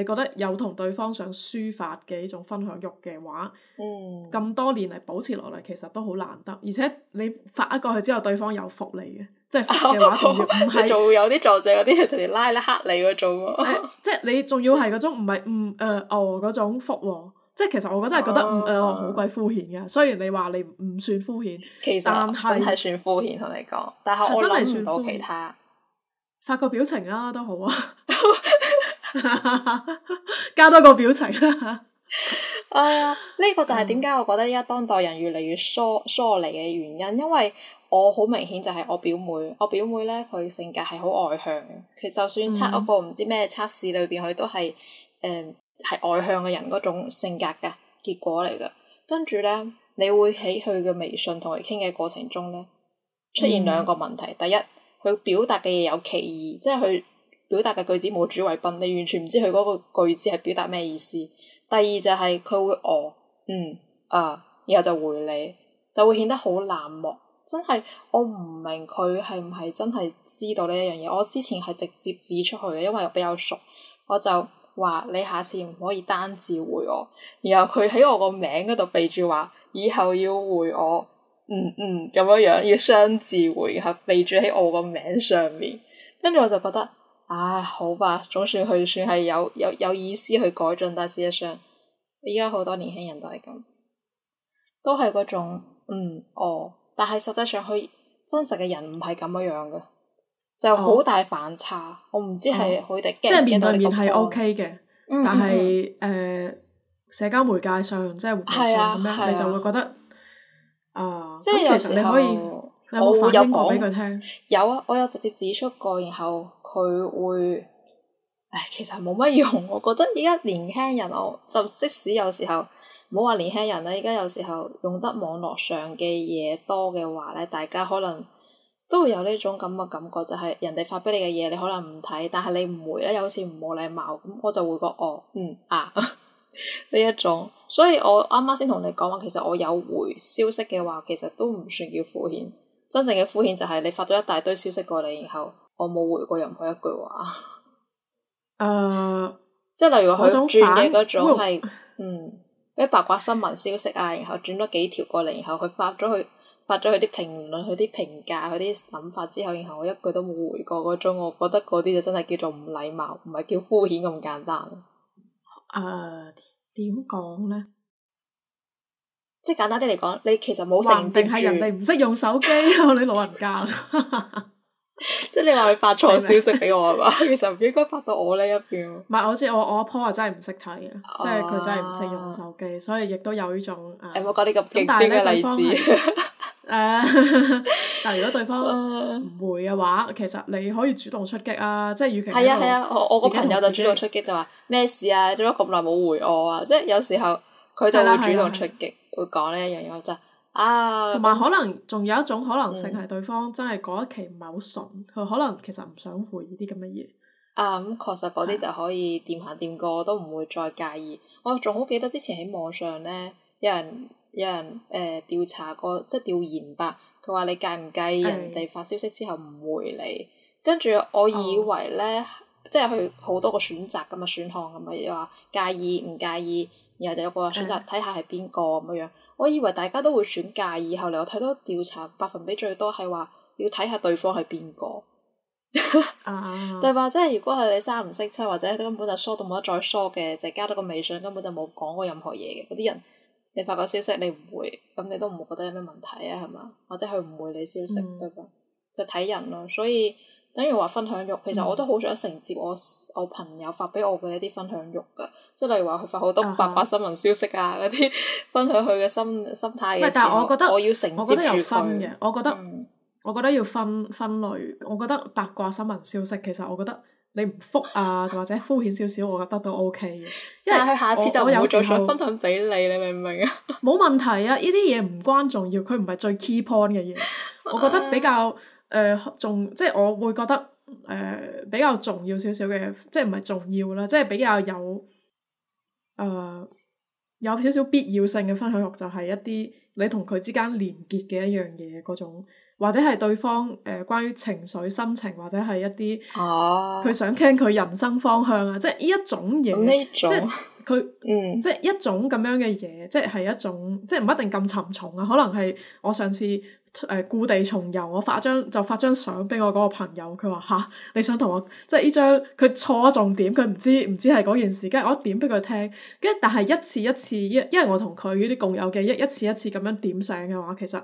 你覺得有同對方想抒發嘅呢種分享欲嘅話，咁、嗯、多年嚟保持落嚟，其實都好難得。而且你發一過去之後，對方有覆你嘅，即係發嘅話仲要唔係做有啲作者嗰啲，係直接拉你黑你嗰種，即係你仲要係嗰種唔係唔誒哦嗰種覆，即係、嗯呃哦、其實我真係覺得唔誒好鬼敷衍嘅。雖然你話你唔算敷衍，其實，是其實真係算敷衍。同你講，但係我真係諗唔到其他。發個表情啦，都好啊。 加多個表情，哎呀，呢個就係點解我覺得而家當代人越嚟越疏疏離嘅原因，因為我好明顯就係我表妹，我表妹咧佢性格係好外向嘅，佢就算測一、嗯、個唔知咩測試裏邊佢都係誒係外向嘅人嗰種性格嘅結果嚟嘅。跟住咧你會喺佢嘅微信同佢傾嘅過程中咧出現兩個問題，嗯、第一佢表達嘅嘢有歧義，即係佢。表達嘅句子冇主謂賓，你完全唔知佢嗰個句子係表達咩意思。第二就係、是、佢會哦、呃，嗯啊，然後就回你，就會顯得好冷漠。真係我唔明佢係唔係真係知道呢一樣嘢。我之前係直接指出去嘅，因為我比較熟，我就話你下次唔可以單字回我，然後佢喺我個名嗰度備注話以後要回我，嗯嗯咁樣樣要雙字回，合，後備注喺我個名上面。跟住我就覺得。唉、啊，好吧，總算佢算係有有有意思去改進，但事實上，而家好多年輕人都係咁，都係嗰種嗯哦，但係實際上佢真實嘅人唔係咁樣樣嘅，就好大反差。哦、我唔知係佢哋即係面對面係 OK 嘅，但係誒社交媒介上即係互聯網咁樣，就是、你就會覺得啊，呃、即係有時候其實你可以。我有講，有，有，聽有啊！我有直接指出過，然後佢會，唉，其實冇乜用。我覺得依家年輕人，我就即使有時候冇話年輕人啦，依家有時候用得網絡上嘅嘢多嘅話咧，大家可能都會有呢種咁嘅感覺，就係、是、人哋發俾你嘅嘢，你可能唔睇，但係你唔回咧，又好似唔冇禮貌。咁我就會覺哦，嗯啊呢 一種。所以我啱啱先同你講話，其實我有回消息嘅話，其實都唔算叫敷衍。真正嘅敷衍就係你發咗一大堆消息過嚟，然後我冇回過任何一句話。誒，uh, 即係例如話佢轉嘅嗰種係，uh, 嗯，啲八卦新聞消息啊，然後轉咗幾條過嚟，然後佢發咗佢發咗佢啲評論、佢啲評價、佢啲諗法之後，然後我一句都冇回過嗰種，我覺得嗰啲就真係叫做唔禮貌，唔係叫敷衍咁簡單。誒，uh，點講咧？即係簡單啲嚟講，你其實冇成定係人哋唔識用手機、啊、你老人家。即係你話佢發錯消息俾我係嘛？ 其實唔應該發到我呢一邊。唔係，我知我我阿婆啊，哦、真係唔識睇，嘅，即係佢真係唔識用手機，所以亦都有呢種誒。唔好講你咁激啲嘅例子。誒 、啊，但係如果對方唔回嘅話，其實你可以主動出擊啊！即係與其喺係啊係啊！我我個朋友就主動出擊，就話咩事啊？做咗咁耐冇回我啊？即係有時候佢就會主動出擊。會講咧，又有就啊，同埋可能仲有一種可能性係、嗯、對方真係嗰一期唔係好聰，佢可能其實唔想回呢啲咁嘅嘢。啊，咁、嗯、確實嗰啲就可以掂下掂過，嗯、都唔會再介意。我仲好記得之前喺網上咧，有人、嗯、有人誒調、呃、查過，即係調查吧。佢話你介唔介意人哋發消息之後唔回你？跟住、嗯、我以為咧。Oh. 即係佢好多個選擇㗎嘛，選項㗎嘛，又話介意唔介意，然後就有個選擇睇下係邊個咁樣。我以為大家都會選介意，後嚟我睇到調查百分比最多係話要睇下對方係邊個。啊 啊、嗯嗯嗯！ 對嘛？即係如果係你三唔識七，或者根本就疏到冇得再疏嘅，就加多個微信，根本就冇講過任何嘢嘅嗰啲人，你發個消息你唔回，咁你都唔會覺得有咩問題啊？係嘛？或者佢唔回你消息對嘛、嗯，就睇人咯，所以。所以等於話分享欲，其實我都好想承接我我朋友發畀我嘅一啲分享欲噶，即係、嗯、例如話佢發好多八卦新聞消息啊嗰啲、uh huh.，分享佢嘅心心態嘅時候，但我，覺得我要承接住佢。我覺得、嗯、我覺得要分分類，我覺得八卦新聞消息其實我覺得你唔覆啊， 或者敷衍少少，我覺得都 O K 嘅。因為但係佢下次就冇再想分享畀你，你明唔明啊？冇問題啊，呢啲嘢唔關重要，佢唔係最 key point 嘅嘢， 我覺得比較。誒，仲、呃、即係我會覺得誒、呃、比較重要少少嘅，即係唔係重要啦，即係比較有誒、呃、有少少必要性嘅分享欲，就係、是、一啲你同佢之間連結嘅一樣嘢嗰種，或者係對方誒、呃、關於情緒心情，或者係一啲佢、啊、想傾佢人生方向啊，即係呢一種嘢，即係佢嗯，即係一種咁樣嘅嘢，即係係一種，即係唔一定咁沉重啊，可能係我上次。誒，故地重遊，我發張就發張相俾我嗰個朋友，佢話嚇，你想同我即係呢張，佢錯咗重點，佢唔知唔知係嗰件事，跟住我點俾佢聽，跟但係一次一次，因因為我同佢呢啲共有嘅一一次一次咁樣點醒嘅話，其實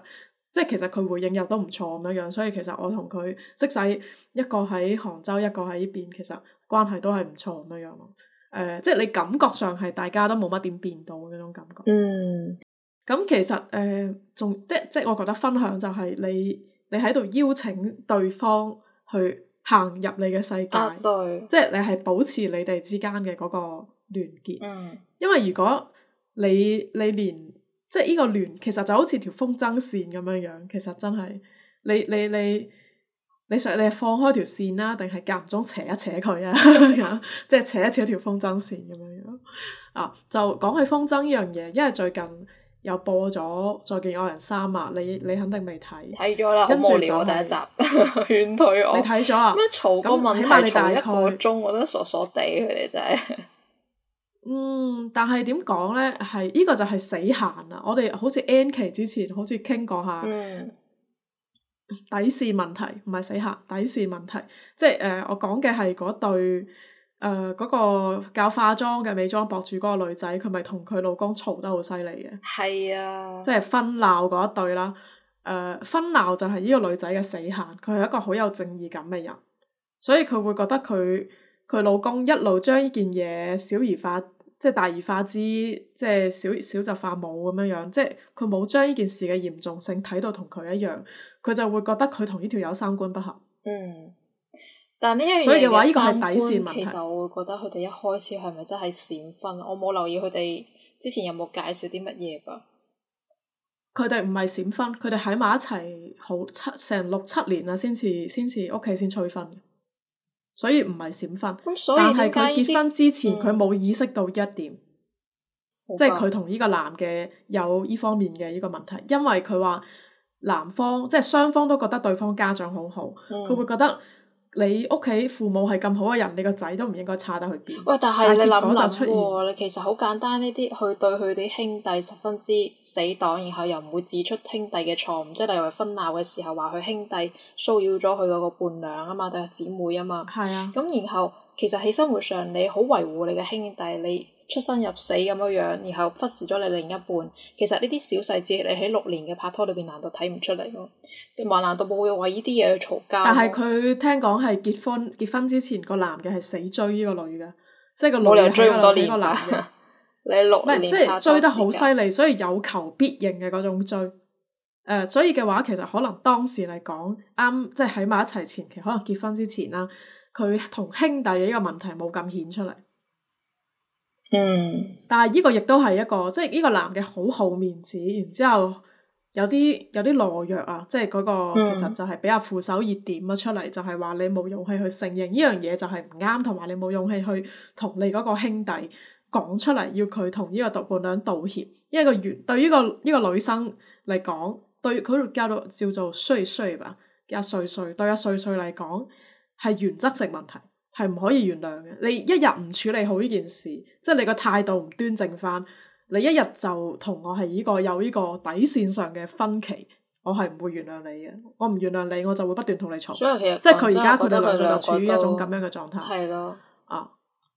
即係其實佢回應又都唔錯咁樣，所以其實我同佢即使一個喺杭州，一個喺呢邊，其實關係都係唔錯咁樣咯。誒，即係你感覺上係大家都冇乜點變到嗰種感覺。嗯。咁其實誒，仲、呃、即即，即我覺得分享就係你你喺度邀請對方去行入你嘅世界，啊、即係你係保持你哋之間嘅嗰個聯結。嗯、因為如果你你連即呢個聯，其實就好似條風箏線咁樣樣。其實真係你你你你上你，你係放開條線啦、啊，定係間唔中扯一扯佢啊？ 即扯一扯條風箏線咁樣樣啊？就講起風箏呢樣嘢，因為最近。又播咗《再見愛人三》啊！你你肯定未睇？睇咗啦，好、就係、無聊第一集，勸 退我。你睇咗啊？咩嘈？咁睇埋你大概鐘，一個我覺得傻傻地，佢哋真係。嗯，但係點講咧？係呢、呢個就係死閒啊。我哋好似 N 期之前好似傾過下。嗯。底線問題唔係死閒，底線問題即係誒、呃，我講嘅係嗰對。誒，嗰、呃那個教化妝嘅美妝博主嗰個女仔，佢咪同佢老公吵得好犀利嘅，係啊，即係分鬧嗰一對啦。誒、呃，分鬧就係呢個女仔嘅死硬，佢係一個好有正義感嘅人，所以佢會覺得佢佢老公一路將呢件嘢小而化，即、就、係、是、大而化之，即、就、係、是、小小就化冇咁樣樣，即係佢冇將呢件事嘅嚴重性睇到同佢一樣，佢就會覺得佢同呢條友三觀不合。嗯。但呢一樣嘢呢個係底線，其實我會覺得佢哋一開始係咪真係閃婚？我冇留意佢哋之前有冇介紹啲乜嘢㗎。佢哋唔係閃婚，佢哋喺埋一齊好七成六七年啦，先至先至屋企先催婚，所以唔係閃婚。但係佢結婚之前佢冇、嗯、意識到一點，即係佢同呢個男嘅有呢方面嘅呢個問題，因為佢話男方即係、就是、雙方都覺得對方家長好好，佢、嗯、會覺得。你屋企父母係咁好嘅人，你個仔都唔應該差得去邊。喂，但係你諗諗你其實好簡單呢啲，佢對佢啲兄弟十分之死黨，然後又唔會指出兄弟嘅錯誤，即係例如分鬧嘅時候話佢兄弟騷擾咗佢嗰個伴娘啊嘛，定係姊妹啊嘛。係啊。咁然後，其實喺生活上你好維護你嘅兄弟你，出生入死咁樣樣，然後忽視咗你另一半。其實呢啲小細節，你喺六年嘅拍拖裏邊難道睇唔出嚟咯。即係難道冇會話呢啲嘢嘈交。但係佢聽講係結婚結婚之前個男嘅係死追呢個女嘅，即係個女追咁多年，個男、啊、你六年。是即係追得好犀利，的所以有求必應嘅嗰種追。誒、呃，所以嘅話其實可能當時嚟講，啱即係喺埋一齊前期，可能結婚之前啦，佢同兄弟嘅呢個問題冇咁顯出嚟。嗯，但係呢個亦都係一個，即係呢個男嘅好好面子，然之後有啲有啲懦弱啊，即係嗰個其實就係比較扶手熱點啊出嚟，就係話你冇勇氣去承認呢樣嘢就係唔啱，同埋你冇勇氣去同你嗰個兄弟講出嚟，要佢同呢個獨伴娘道歉，因為個原對呢個呢個女生嚟講，對佢教到叫做衰衰吧，阿碎碎對阿碎碎嚟講係原則性問題。係唔可以原諒嘅。你一日唔處理好呢件事，即係你個態度唔端正翻，你一日就同我係呢個有呢個底線上嘅分歧，我係唔會原諒你嘅。我唔原諒你，我就會不斷同你嘈。所以其實即係佢而家佢兩個都就處於一種咁樣嘅狀態。係咯了，啊，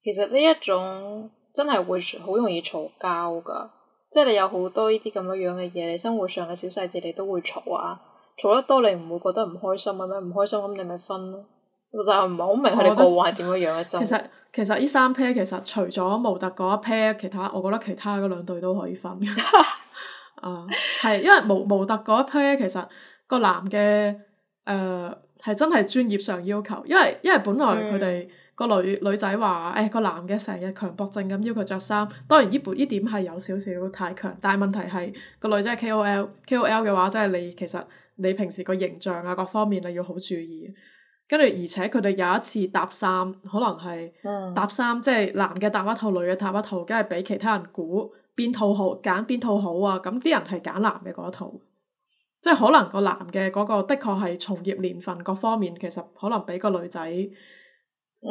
其實呢一種真係會好容易嘈交噶。即係你有好多呢啲咁樣樣嘅嘢，你生活上嘅小細節你都會嘈啊。嘈得多你唔會覺得唔開心嘅咩？唔開心咁你咪分咯。我就唔係好明佢哋過往係點樣樣嘅，其實其實呢三 pair 其實除咗模特嗰一 pair，其他我覺得其他嗰兩對都可以分。啊、 uh,，係因為模模特嗰一 pair 其實個男嘅誒係真係專業上要求，因為因為本來佢哋、嗯、個女女仔話誒、哎、個男嘅成日強迫症咁要求着衫，當然呢部呢點係有少少太強，但係問題係個女仔係 KOL KOL 嘅話，即係你其實你平時個形象啊各方面你要好注意。跟住，而且佢哋有一次搭衫，可能係搭衫，嗯、即係男嘅搭一套，女嘅搭一套，梗係俾其他人估邊套好，揀邊套好啊！咁啲人係揀男嘅嗰套，即係可能個男嘅嗰個的確係從業年份各方面，其實可能比女強、嗯、個女仔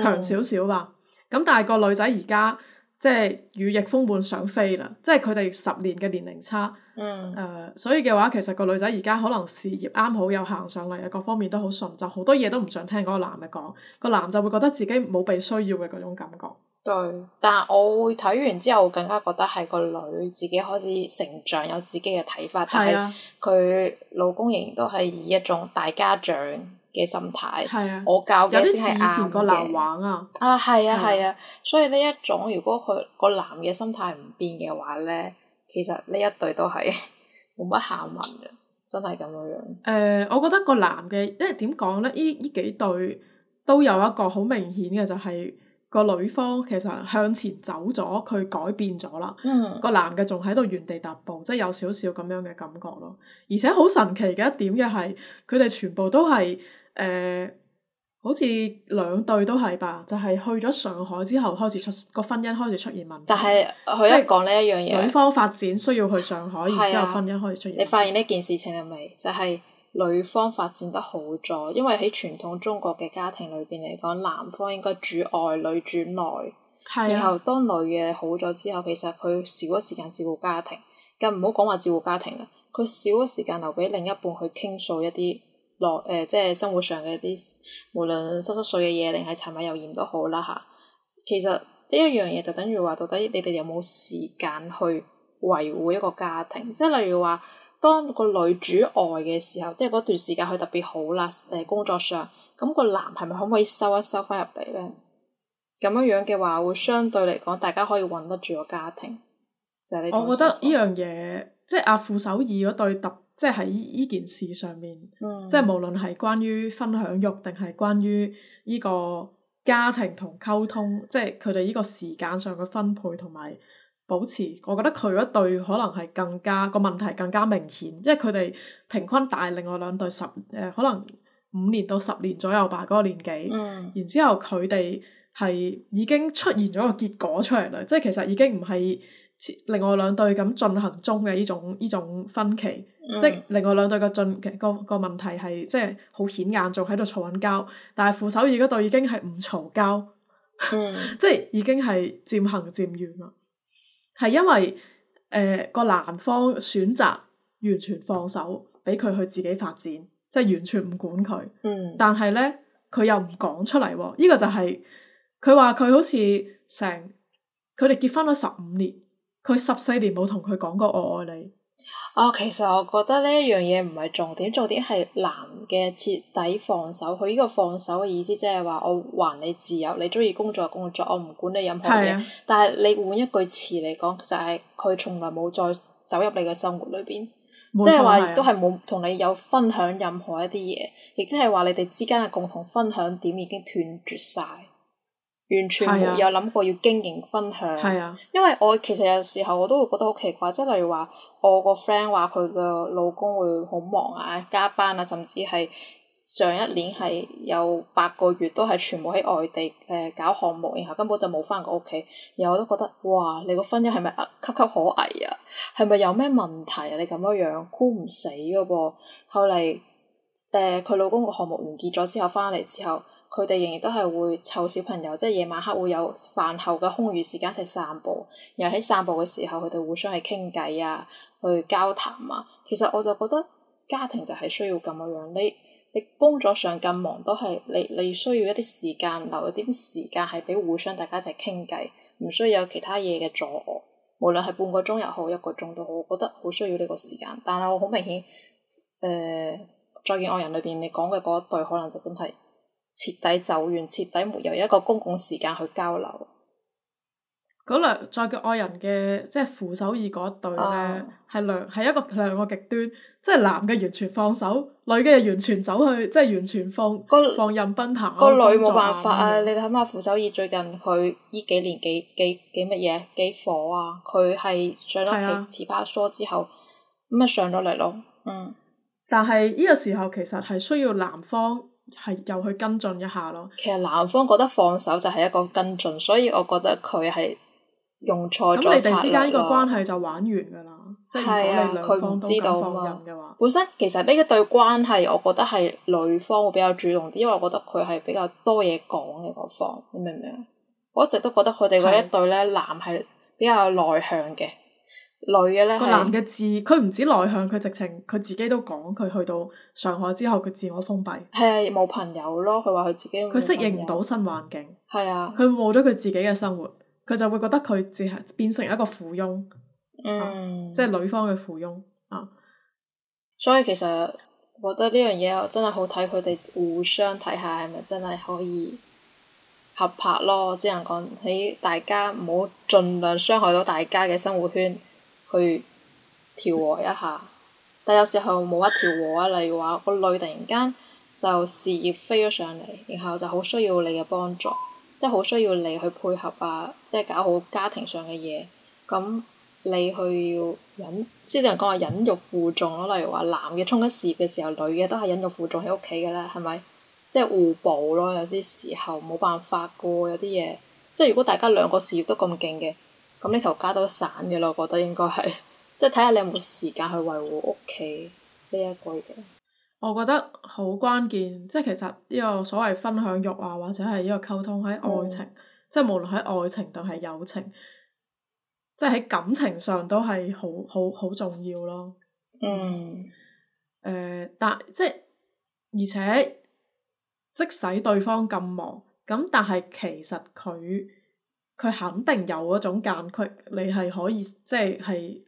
強少少吧。咁但係個女仔而家。即係羽翼豐滿想飛啦，即係佢哋十年嘅年齡差，誒、嗯呃，所以嘅話其實個女仔而家可能事業啱好又行上嚟啊，各方面都好順，就好多嘢都唔想聽嗰個男嘅講，個男就會覺得自己冇被需要嘅嗰種感覺。對，但係我會睇完之後更加覺得係個女自己開始成長，有自己嘅睇法，但係佢、啊、老公仍然都係以一種大家長。嘅心態，啊、我教有時係以前個男玩啊，係啊，係啊，啊啊所以呢一種，如果佢個男嘅心態唔變嘅話咧，其實呢一對都係冇乜下文嘅，真係咁樣樣。誒、呃，我覺得個男嘅，因為點講咧？呢依幾對都有一個好明顯嘅，就係、是、個女方其實向前走咗，佢改變咗啦。嗯。個男嘅仲喺度原地踏步，即、就、係、是、有少少咁樣嘅感覺咯。而且好神奇嘅一點嘅係，佢哋全部都係。誒、呃，好似兩對都係吧，就係、是、去咗上海之後開始出個婚姻開始出現問題。但係佢一直講呢一樣嘢。就是、女方發展需要去上海，啊、然之後婚姻開始出現問題。你發現呢件事情係咪就係、是、女方發展得好咗？因為喺傳統中國嘅家庭裏邊嚟講，男方應該主外，女主內。啊、然後當女嘅好咗之後，其實佢少咗時間照顧家庭，更唔好講話照顧家庭啦。佢少咗時間留畀另一半去傾訴一啲。落、呃、即係生活上嘅一啲，無論濕濕碎嘅嘢定係柴米油鹽都好啦嚇。其實呢一樣嘢就等於話，到底你哋有冇時間去維護一個家庭？即係例如話，當個女主外嘅時候，即係嗰段時間佢特別好啦，誒、呃、工作上，咁、那個男係咪可唔可以收一收翻入嚟咧？咁樣樣嘅話，會相對嚟講，大家可以穩得住個家庭。就係、是、你。我覺得呢樣嘢，即係阿傅首爾嗰對特。即係喺呢件事上面，嗯、即係無論係關於分享欲定係關於呢個家庭同溝通，即係佢哋呢個時間上嘅分配同埋保持，我覺得佢嗰對可能係更加個問題更加明顯，因為佢哋平均大另外兩對十誒可能五年到十年左右吧嗰、嗰個年紀，嗯、然之後佢哋係已經出現咗個結果出嚟啦，即係其實已經唔係。另外兩對咁進行中嘅呢種呢種分歧，嗯、即係另外兩對嘅進嘅個個問題係即係好顯眼，仲喺度嘈緊交，但係傅首爾嗰對已經係唔嘈交，嗯、即係已經係漸行漸遠啦。係因為誒、呃、個男方選擇完全放手，俾佢去自己發展，即係完全唔管佢。嗯、但係呢，佢又唔講出嚟、哦，呢、這個就係佢話佢好似成佢哋結婚咗十五年。佢十四年冇同佢講過我愛你。啊、哦，其實我覺得呢一樣嘢唔係重點，重點做係男嘅徹底放手。佢呢個放手嘅意思，即係話我還你自由，你中意工作就工作，我唔管你任何嘢。啊、但係你換一句詞嚟講，就係、是、佢從來冇再走入你嘅生活裏邊，即係話亦都係冇同你有分享任何一啲嘢，亦即係話你哋之間嘅共同分享點已經斷絕晒。完全冇有諗過要經營分享，啊、因為我其實有時候我都會覺得好奇怪，即係例如話我個 friend 話佢個老公會好忙啊、加班啊，甚至係上一年係有八個月都係全部喺外地誒、呃、搞項目，然後根本就冇返過屋企，然後我都覺得哇，你個婚姻係咪岌岌可危啊？係咪有咩問題啊？你咁樣樣箍唔死嘅噃、啊，後嚟。誒佢、呃、老公個項目完結咗之後翻嚟之後，佢哋仍然都係會湊小朋友，即係夜晚黑會有飯後嘅空餘時間一齊散步。然後喺散步嘅時候，佢哋互相係傾偈啊，去交談啊。其實我就覺得家庭就係需要咁樣樣。你你工作上咁忙都係，你你需要一啲時間，留一啲時間係畀互相大家一齊傾偈，唔需要有其他嘢嘅阻礙。無論係半個鐘又好，一個鐘都好，我覺得好需要呢個時間。但係我好明顯誒。呃再見愛人裏邊，你講嘅嗰一對可能就真係徹底走完，徹底沒有一個公共時間去交流。嗰兩再見愛人嘅即係扶手椅嗰一對咧，係兩係一個兩個極端，即係男嘅完全放手，女嘅完全走去，即係完全放放任奔行。個女冇辦法啊！你睇下扶手椅最近佢呢幾年幾幾幾乜嘢幾火啊！佢係上咗條奇葩 s 之後，咁啊上咗嚟咯，嗯。但係呢個時候其實係需要男方係又去跟進一下咯。其實男方覺得放手就係一個跟進，所以我覺得佢係用錯咗策略。嗯、你哋之間呢個關係就玩完噶啦，即係、啊、如果兩方知道都唔放人嘅話。本身其實呢一對關係，我覺得係女方會比較主動啲，因為我覺得佢係比較多嘢講嘅嗰方，你明唔明？我一直都覺得佢哋嗰一對咧，男係比較內向嘅。女嘅，呢個男嘅，自佢唔止內向，佢直情佢自己都講，佢去到上海之後，佢自我封閉，係啊，冇朋友咯。佢話佢自己佢適應唔到新環境，係啊，佢冇咗佢自己嘅生活，佢就會覺得佢自係變成一個附庸，嗯，啊，即係女方嘅附庸啊。所以其實我覺得呢樣嘢真係好睇，佢哋互相睇下係咪真係可以合拍咯。只能講喺大家唔好盡量傷害到大家嘅生活圈，去調和一下，但有時候冇得調和啊！例如話個女突然間就事業飛咗上嚟，然後就好需要你嘅幫助，即係好需要你去配合啊！即係搞好家庭上嘅嘢，咁你去要忍，先啲人講話忍辱負重咯。例如話男嘅衝緊事業嘅時候，女嘅都係忍辱負重喺屋企噶啦，係咪？即係互補咯。有啲時候冇辦法噶，有啲嘢，即係如果大家兩個事業都咁勁嘅。咁呢頭家都散嘅咯，我覺得應該係， 即係睇下你有冇時間去維護屋企呢一個嘢。我覺得好關鍵，即係其實呢個所謂分享欲啊，或者係呢個溝通喺愛情，嗯、即係無論喺愛情定係友情，即係喺感情上都係好好好重要咯。嗯。誒、呃，但即係而且，即使對方咁忙，咁但係其實佢。佢肯定有嗰種間隙，你係可以即係係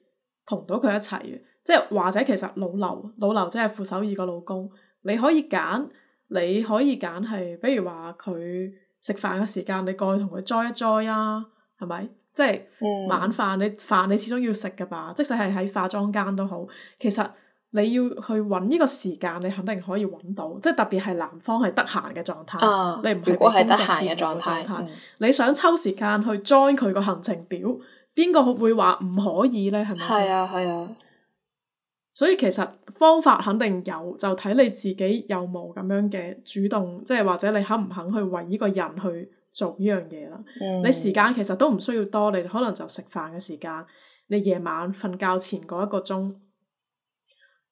同到佢一齊嘅，即係或者其實老劉老劉即係傅首爾個老公，你可以揀，你可以揀係，比如話佢食飯嘅時間，你過去同佢坐一坐啊，係咪？即係、嗯、晚飯你飯你始終要食噶吧，即使係喺化妝間都好，其實。你要去揾呢個時間，你肯定可以揾到，即係特別係南方係得閒嘅狀態，啊、你唔係個工作時間嘅狀態。狀態，嗯、你想抽時間去 join 佢個行程表，邊個會話唔可以呢？係咪？係啊，係啊。所以其實方法肯定有，就睇你自己有冇咁樣嘅主動，即、就、係、是、或者你肯唔肯去為呢個人去做呢樣嘢啦。嗯、你時間其實都唔需要多，你可能就食飯嘅時間，你夜晚瞓覺前嗰一個鐘。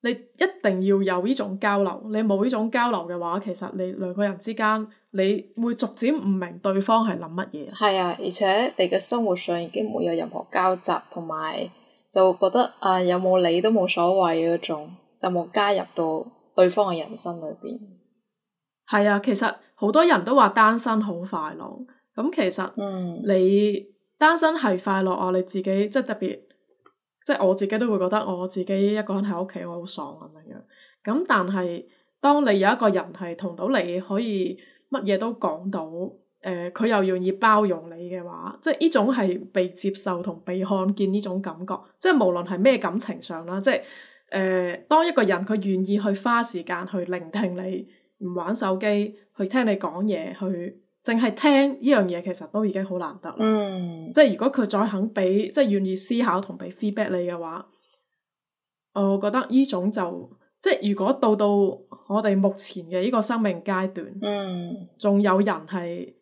你一定要有呢種交流，你冇呢種交流嘅話，其實你兩個人之間你會逐漸唔明對方係諗乜嘢。係啊，而且你嘅生活上已經冇任何交集，同埋就覺得啊，有冇你都冇所謂嗰種，就冇加入到對方嘅人生裏邊。係啊，其實好多人都話單身好快樂，咁其實你單身係快樂啊，嗯、你自己即係特別。即係我自己都會覺得我自己一個人喺屋企我好爽咁、啊、樣，咁但係當你有一個人係同到你可以乜嘢都講到，誒、呃、佢又願意包容你嘅話，即係呢種係被接受同被看見呢種感覺，即係無論係咩感情上啦，即係誒、呃、當一個人佢願意去花時間去聆聽你，唔玩手機，去聽你講嘢，去。淨係聽呢樣嘢其實都已經好難得啦，嗯即，即係如果佢再肯俾即係願意思考同俾 feedback 你嘅話，我覺得呢種就即係如果到到我哋目前嘅呢個生命階段，仲、嗯、有人係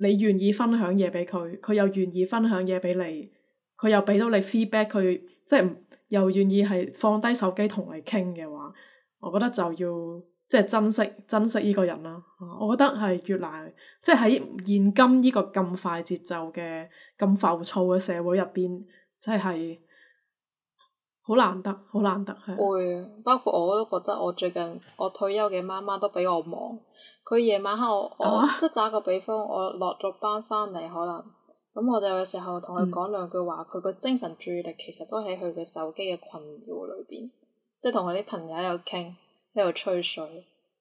你願意分享嘢俾佢，佢又願意分享嘢俾你，佢又俾到你 feedback，佢即係唔又願意係放低手機同你傾嘅話，我覺得就要。即係珍惜珍惜呢個人啦、啊，我覺得係越難，即係喺現今呢個咁快節奏嘅咁浮躁嘅社會入邊，真係好難得，好難得。會、哎，包括我都覺得，我最近我退休嘅媽媽都比我忙。佢夜晚黑，我我、啊、即打個比方，我落咗班翻嚟可能，咁我就有時候同佢講兩句話，佢個、嗯、精神注意力其實都喺佢嘅手機嘅羣聊裏邊，即係同佢啲朋友喺度傾。喺度吹水，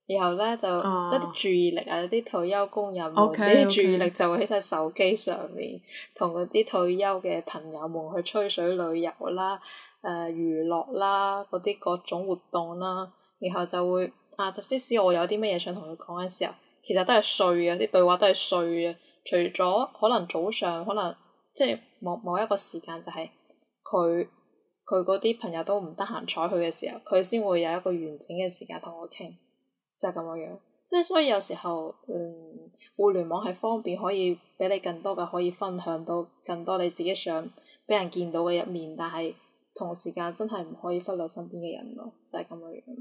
然後咧就、oh. 即啲注意力啊，啲退休工人啲 Okay, okay. 注意力就會喺晒手機上面，同嗰啲退休嘅朋友們去吹水、旅遊啦、誒娛樂啦嗰啲各種活動啦，然後就會啊，即使我有啲乜嘢想同佢講嘅時候，其實都係碎嘅，啲對話都係碎嘅，除咗可能早上可能即係某某一個時間就係佢。佢嗰啲朋友都唔得閒睬佢嘅時候，佢先會有一個完整嘅時間同我傾，就係咁樣樣。即係所以有時候，嗯，互聯網係方便，可以俾你更多嘅，可以分享到更多你自己想俾人見到嘅一面，但係同時間真係唔可以忽略身邊嘅人咯，就係咁樣樣。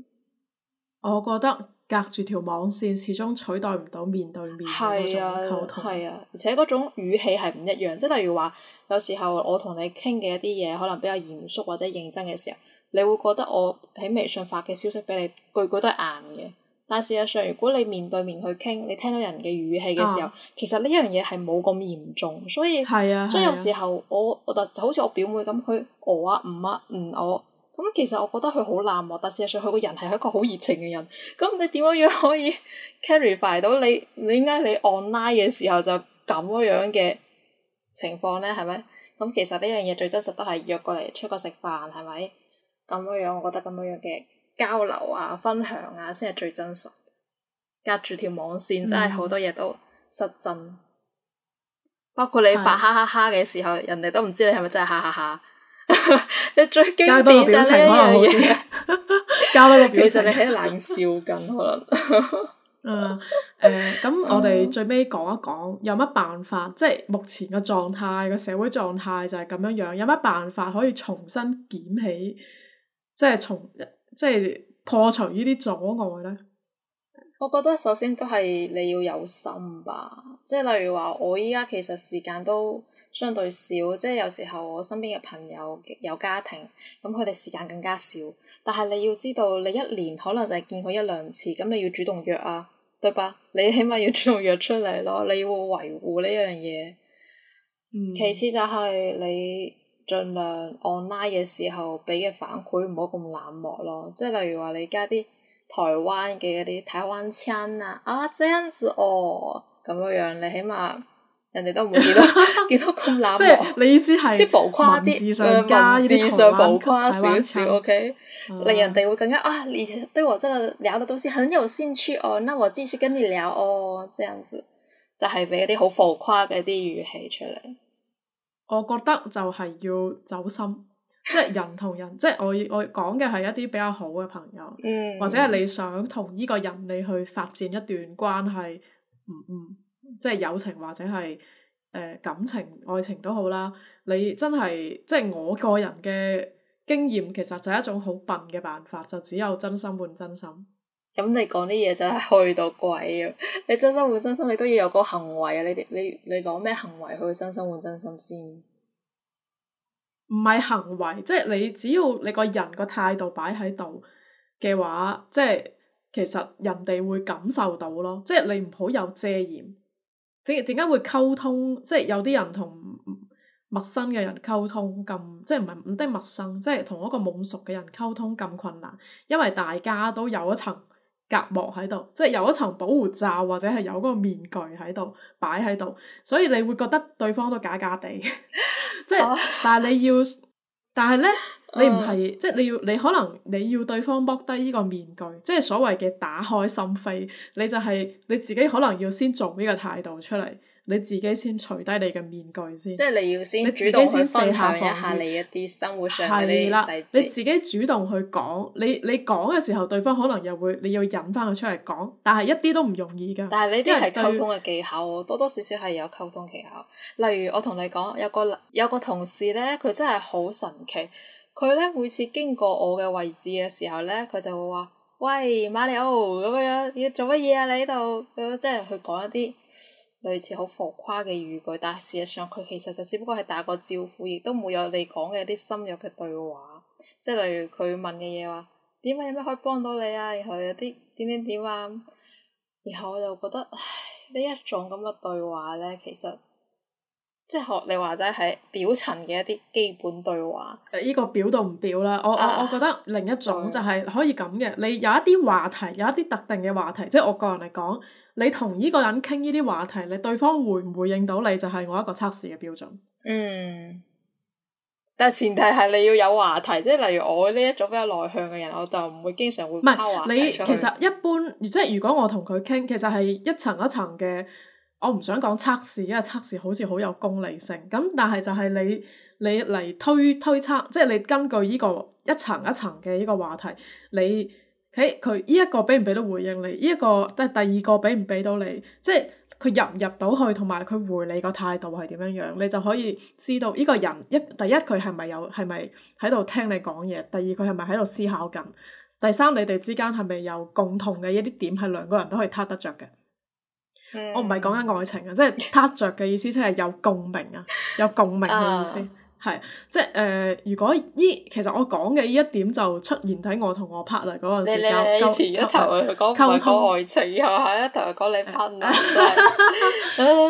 我覺得。隔住條網線，始終取代唔到面對面嗰種溝通。係啊，係啊，而且嗰種語氣係唔一樣。即係例如話，有時候我同你傾嘅一啲嘢，可能比較嚴肅或者認真嘅時候，你會覺得我喺微信發嘅消息俾你句句都係硬嘅。但事實上，如果你面對面去傾，你聽到人嘅語氣嘅時候，啊、其實呢樣嘢係冇咁嚴重。所以，啊、所以有時候我我就好似我表妹咁，佢唔啊唔啊唔我。咁其實我覺得佢好冷漠，但事實上佢個人係一個好熱情嘅人。咁你點樣樣可以 carry 翻到你？你點解你 online 嘅時候就咁樣嘅情況咧？係咪？咁其實呢樣嘢最真實都係約過嚟出過食飯，係咪？咁樣樣我覺得咁樣樣嘅交流啊、分享啊，先係最真實。隔住條網線、嗯、真係好多嘢都失真，包括你發哈哈哈嘅時候，的人哋都唔知你係咪真係哈哈哈。你 最經典咁樣嘢，加到個表情，其實你喺度冷笑緊，可能哈哈 嗯。嗯，誒，咁我哋最尾講一講，有乜辦法？即係目前嘅狀態，個社會狀態就係咁樣樣。有乜辦法可以重新撿起？即係從即係破除呢啲阻礙咧？我覺得首先都係你要有心吧，即係例如話，我依家其實時間都相對少，即係有時候我身邊嘅朋友有家庭，咁佢哋時間更加少。但係你要知道，你一年可能就係見佢一兩次，咁你要主動約啊，對吧？你起碼要主動約出嚟咯，你要維護呢樣嘢。嗯、其次就係你盡量 online 嘅時候畀嘅反饋唔好咁冷漠咯，即係例如話你加啲。台灣嘅嗰啲台灣腔啊，啊，這樣子哦，咁樣樣你起碼人哋都唔會 見到見到咁冷漠，即係你意思係浮誇啲嘅文字上加、呃，文字上浮誇少少，OK、嗯、令人哋會更加啊！你且對我真係聊嘅東西很有興趣哦。那我繼續跟你聊哦，這樣子就係、畀、一啲好浮誇嘅啲語氣出嚟。我覺得就係要走心。 即係人同人，即係我我講嘅係一啲比較好嘅朋友，嗯、或者係你想同呢個人你去發展一段關係，嗯嗯，即係友情或者係誒、呃、感情、愛情都好啦。你真係即係我個人嘅經驗，其實就係一種好笨嘅辦法，就只有真心換真心。咁你講啲嘢真係去到鬼啊！你真心換真心，你都要有個行為啊！你你你攞咩行為去真心換真心先？唔係行為，即係你只要你個人個態度擺喺度嘅話，即係其實人哋會感受到咯。即係你唔好有遮掩，點點解會溝通？即係有啲人同陌生嘅人溝通咁，即係唔係唔得陌生，即係同一個冇熟嘅人溝通咁困難，因為大家都有一層。隔膜喺度，即係有一層保護罩，或者係有嗰個面具喺度擺喺度，所以你會覺得對方都假假地， 即係 但係你要，但係呢，你唔係，即係 你要你可能你要對方剝低呢個面具，即係所謂嘅打開心扉，你就係你自己可能要先做呢個態度出嚟。你自己先除低你嘅面具先，即係你要先主動去分享一下你一啲生活上嘅細節。係啦，你自己主動去講，你你講嘅時候，對方可能又會你要引翻佢出嚟講，但係一啲都唔容易噶。但係呢啲係溝通嘅技巧，多多少少係有溝通技巧。例如我同你講，有個有個同事咧，佢真係好神奇。佢咧每次經過我嘅位置嘅時候咧，佢就會話：喂，瑪利奧，咁樣要做乜嘢啊？你呢度咁即係去講一啲。類似好浮誇嘅語句，但係事實上佢其實就只不過係打個招呼，亦都冇有你講嘅啲深入嘅對話，即係例如佢問嘅嘢話，點解有咩可以幫到你啊？然後有啲點點點啊，然後我就覺得，唉，呢一種咁嘅對話咧，其實～即係學你話齋，喺表層嘅一啲基本對話。呢依個表到唔表啦？我、啊、我我覺得另一種就係可以咁嘅，你有一啲話題，有一啲特定嘅話題。即係我個人嚟講，你同呢個人傾呢啲話題，你對方回唔回應到你，就係我一個測試嘅標準。嗯。但係前提係你要有話題，即係例如我呢一種比較內向嘅人，我就唔會經常會拋話題唔係你出去。其實一般，即係如果我同佢傾，其實係一層一層嘅。我唔想講測試，因為測試好似好有功利性。咁但係就係你你嚟推推測，即係你根據呢個一層一層嘅呢個話題，你佢佢呢一個俾唔俾到回應你，呢一個即係第二個俾唔俾到你，即係佢入唔入到去，同埋佢回你個態度係點樣樣，你就可以知道呢個人一第一佢係咪有係咪喺度聽你講嘢，第二佢係咪喺度思考緊，第三你哋之間係咪有共同嘅一啲點係兩個人都可以撻得着嘅。我唔係講緊愛情啊，即係拍着嘅意思，即係有共鳴啊，有共鳴嘅意思，係即係誒，如果依其實我講嘅依一點就出現喺我同我拍嚟嗰陣時，你你以前一頭去唔係講愛情，又係一頭講你噴啊，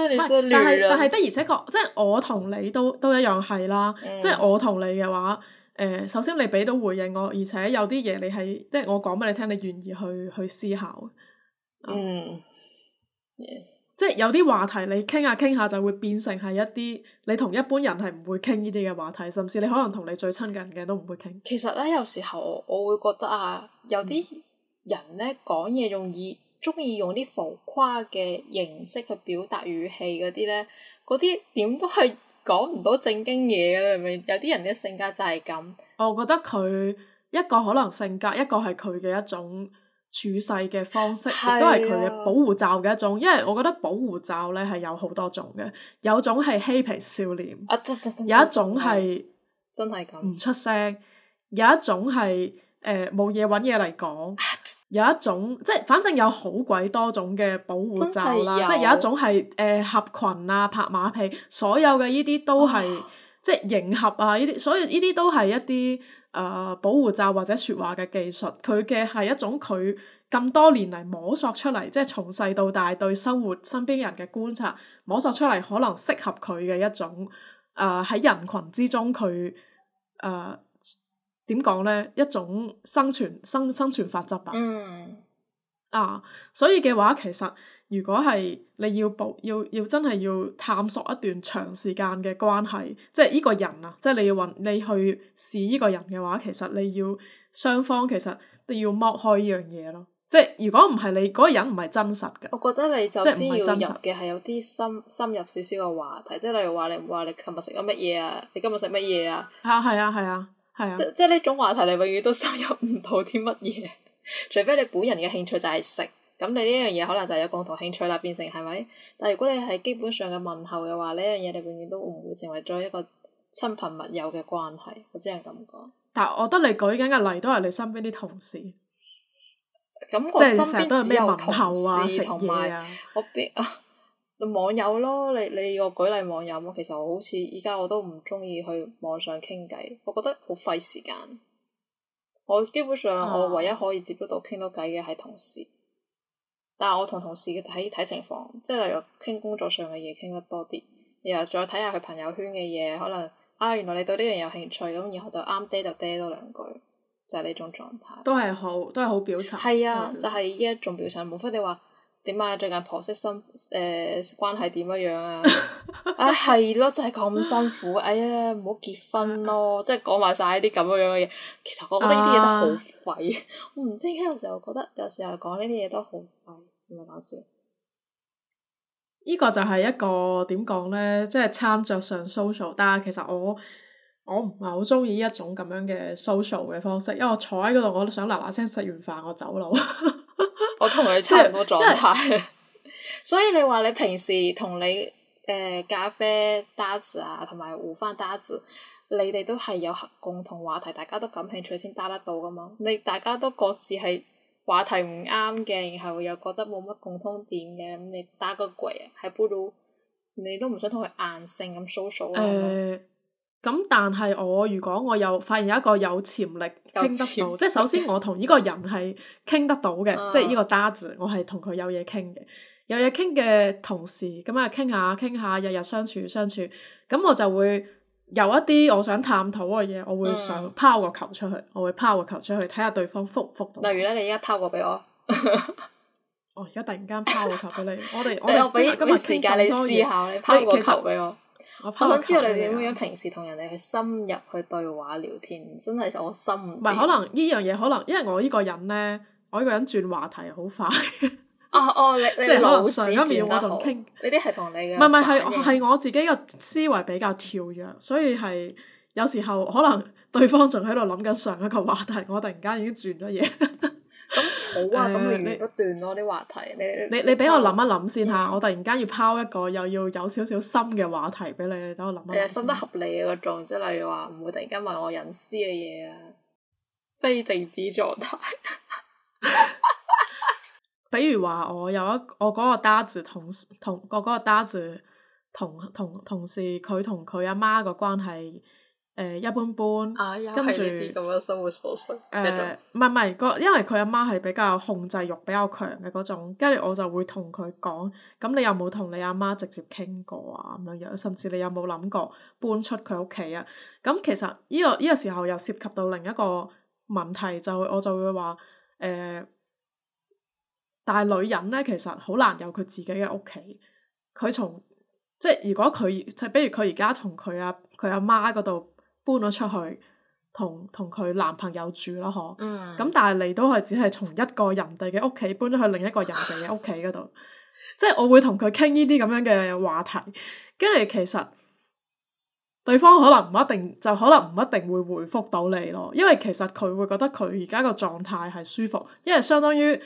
你失聯。但係但係的而且確，即係我同你都都一樣係啦，即係我同你嘅話，誒，首先你俾到回應我，而且有啲嘢你係即係我講俾你聽，你願意去去思考。嗯。Yes. 即係有啲話題你傾下傾下就會變成係一啲你同一般人係唔會傾呢啲嘅話題，甚至你可能同你最親近嘅都唔會傾。其實咧，有時候我會覺得啊，有啲人咧講嘢用意，中意用啲浮誇嘅形式去表達語氣嗰啲咧，嗰啲點都係講唔到正經嘢㗎啦，係咪？有啲人嘅性格就係咁。我覺得佢一個可能性格，一個係佢嘅一種。處世嘅方式，亦都係佢嘅保護罩嘅一種，啊、因為我覺得保護罩呢係有好多種嘅，有種係嬉皮笑臉，有一種係、啊、真係咁唔出聲，有一種係誒冇嘢搵嘢嚟講，呃事事啊、有一種即係反正有好鬼多種嘅保護罩啦，即係有一種係誒、呃、合群啊拍馬屁，所有嘅呢啲都係。啊即係迎合啊！呢啲，所以呢啲都係一啲誒、呃、保護罩或者説話嘅技術。佢嘅係一種佢咁多年嚟摸索出嚟，即係從細到大對生活身邊人嘅觀察，摸索出嚟可能適合佢嘅一種誒喺、呃、人群之中佢誒點講呢？一種生存生生存法則吧。啊，所以嘅話其實。如果係你要保要要真係要探索一段長時間嘅關係，即係呢個人啊，即係你要揾你去試呢個人嘅話，其實你要雙方其實都要剝開呢樣嘢咯。即係如果唔係你嗰個人唔係真實嘅，我覺得你就先要入嘅係有啲深深入少少嘅話題，即係例如話你話你琴日食咗乜嘢啊？你今日食乜嘢啊？啊，係啊，係啊，係啊！即即係呢種話題，你永遠都深入唔到啲乜嘢，除非你本人嘅興趣就係食。咁你呢樣嘢可能就有共同興趣啦，變成係咪？但係如果你係基本上嘅問候嘅話，呢樣嘢你永遠都唔會成為咗一個親朋密友嘅關係。我只能咁講。但我覺得你舉緊嘅例都係你身邊啲同事。即我成日都係咩問候啊？同埋我邊啊？ 網友咯，你你我舉例網友，其實我好似依家我都唔中意去網上傾偈，我覺得好費時間。我基本上我唯一可以接觸到傾到偈嘅係同事。啊。但係我同同事嘅睇睇情況，即係例如傾工作上嘅嘢傾得多啲，然後再睇下佢朋友圈嘅嘢，可能啊原來你對呢樣有興趣，咁然後就啱嗲就嗲多兩句，就係呢種狀態。都係好，都係好表層。係啊，的就係呢一種表層，無非你話點啊？最近婆媳心誒、呃、關係點樣啊？啊係咯，就係、是、咁辛苦，哎呀，唔好結婚咯！即係講埋晒啲咁樣樣嘅嘢。其實我覺得呢啲嘢都好廢，啊、 我唔知點解有時候覺得有時候講呢啲嘢都好廢。呢個就係一個點講呢？即係餐桌上 social。但係其實我我唔係好鍾意呢一種咁樣嘅 social 嘅方式，因為我坐喺嗰度，我都想嗱嗱聲食完飯我走佬。 我同你差唔多狀態。所以你話你平時同你誒、呃、咖啡搭子啊，同埋胡翻搭子，你哋都係有共同話題，大家都感興趣先搭得到噶嘛？你大家都各自係。話題唔啱嘅，然後又覺得冇乜共通點嘅，咁你打個攰啊，喺杯度，你都唔想同佢硬性咁 so so 咁、呃、但係我如果我有發現有一個有潛力傾得到，潛即係首先我同呢個人係傾得到嘅， 即係呢個搭字，我係同佢有嘢傾嘅，有嘢傾嘅同事咁啊，傾下傾下，日日相處相處，咁我就會，有一啲我想探討嘅嘢，我會想拋個球出去，我會拋個球出去睇下對方覆唔覆到。例如咧，你而家拋個俾我。 我而家突然間拋個球俾你， 我哋我俾今日時間你試下，你拋個球俾我。我想知道你點樣平時同人哋去深入去對話聊天，真係我心。唔係可能呢樣嘢，可能，可能因為我依個人咧，我呢個人轉話題好快。 啊！哦，你即係可能上一秒我仲傾，呢啲係同你嘅，唔係唔係係係我自己嘅思維比較跳躍，所以係有時候可能對方仲喺度諗緊上一個話題，我突然間已經轉咗嘢。咁 好啊，咁、呃、你不斷咯啲話題，你你你俾我諗一諗先吓，的我突然間要拋一個又要有少少深嘅話題俾你，你，等我諗一諗。誒，深得合理嘅嗰種，即係例如話唔會突然間問我隱私嘅嘢啊，非政治狀態。 比如話，我有一我嗰個 dad 同事同我嗰個 dad 同同同事，佢同佢阿媽個關係誒、呃、一般般，啊、跟住著咁生活所需。唔係唔係個，因為佢阿媽係比較控制欲比較強嘅嗰種，跟住我就會同佢講，咁你有冇同你阿媽直接傾過啊？咁樣樣，甚至你有冇諗過搬出佢屋企啊？咁其實呢、呢個呢、呢個時候又涉及到另一個問題，就是、我就會話誒。呃但係女人咧，其實好難有佢自己嘅屋企。佢從即係如果佢就比如佢而家同佢阿佢阿媽嗰度搬咗出去，同同佢男朋友住咯，嗬、嗯。咁但係你都係只係從一個人哋嘅屋企搬咗去另一個人哋嘅屋企嗰度， 即係我會同佢傾呢啲咁樣嘅話題，跟住其實對方可能唔一定就可能唔一定會回復到你咯，因為其實佢會覺得佢而家個狀態係舒服，因為相當於。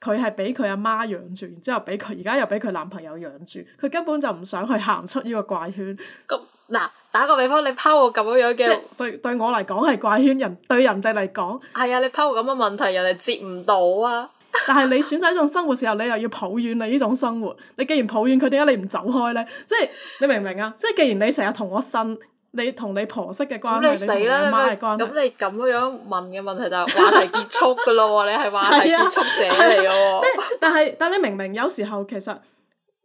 佢係俾佢阿媽養住，然之後俾佢而家又俾佢男朋友養住，佢根本就唔想去行出呢個怪圈。咁嗱，打個比方，你拋我咁樣嘅對對我嚟講係怪圈人，對人哋嚟講係啊，你拋我咁嘅問題，人哋接唔到啊。但係你選擇呢種生活時候，你又要抱怨你呢種生活，你既然抱怨佢，點解你唔走開呢？即係你明唔明啊？即係既然你成日同我呻。你同你婆媳嘅關係，咁你死啦！你媽嘅關係，咁你咁樣問嘅問題就話題結束噶咯喎， 你係話題結束者嚟嘅喎。即係、 啊啊啊就是，但係，但你明明有時候其實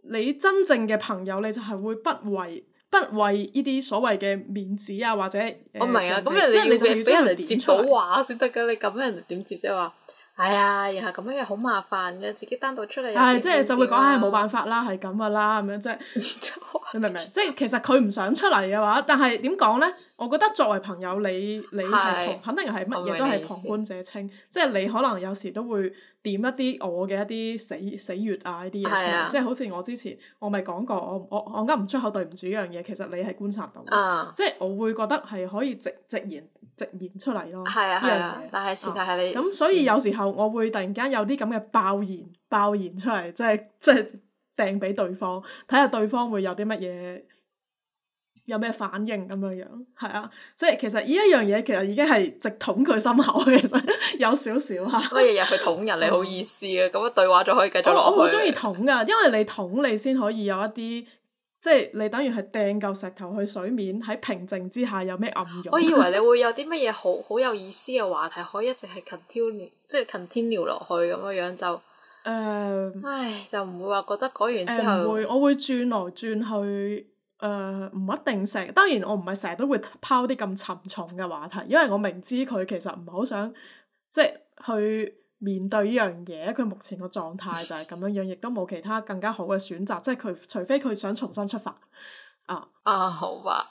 你真正嘅朋友，你就係會不為不為呢啲所謂嘅面子啊，或者我唔係啊，咁人哋要俾人哋接倒話先得噶，你咁人哋點接即係話？係啊、哎，然後咁樣嘢好麻煩嘅，自己單獨出嚟、哎。係即係就會講係冇辦法啦，係咁噶啦，咁 樣，樣，樣 即係。你明唔明？即係其實佢唔想出嚟嘅話，但係點講呢？我覺得作為朋友，你你係 肯定係乜嘢都係旁觀者清，即係你可能有時都會。點一啲我嘅一啲死死穴啊！呢啲嘢，出嚟、啊，即係好似我之前我咪講過，我我我噏唔出口對唔住一樣嘢，其實你係觀察到，啊、即係我會覺得係可以直直言直言出嚟咯。係啊係啊，啊但係事實係你咁，啊嗯、所以有時候我會突然間有啲咁嘅爆言爆言出嚟，即係即係掟俾對方睇下對方會有啲乜嘢。有咩反應咁樣樣？係啊，即係其實呢一樣嘢其實已經係直捅佢心口其實， 有少少嚇。乜嘢嘢去捅人？你好意思啊？咁樣對話就可以繼續落去。我好中意捅噶，因為你捅你先可以有一啲，即係你等於係掟嚿石頭去水面，喺平靜之下有咩暗湧。我以為你會有啲乜嘢好好有意思嘅話題，可以一直係 continue，即係 continue 落去咁樣樣就誒。呃、唉，就唔會話覺得講完之後。唔、呃呃、會，我會轉來轉去。誒，uh, 唔一定成。當然我唔係成日都會拋啲咁沉重嘅話題，因為我明知佢其實唔係好想即係去面對呢樣嘢。佢目前個狀態就係咁樣樣，亦都冇其他更加好嘅選擇。即係佢除非佢想重新出發。啊啊，uh, 好吧。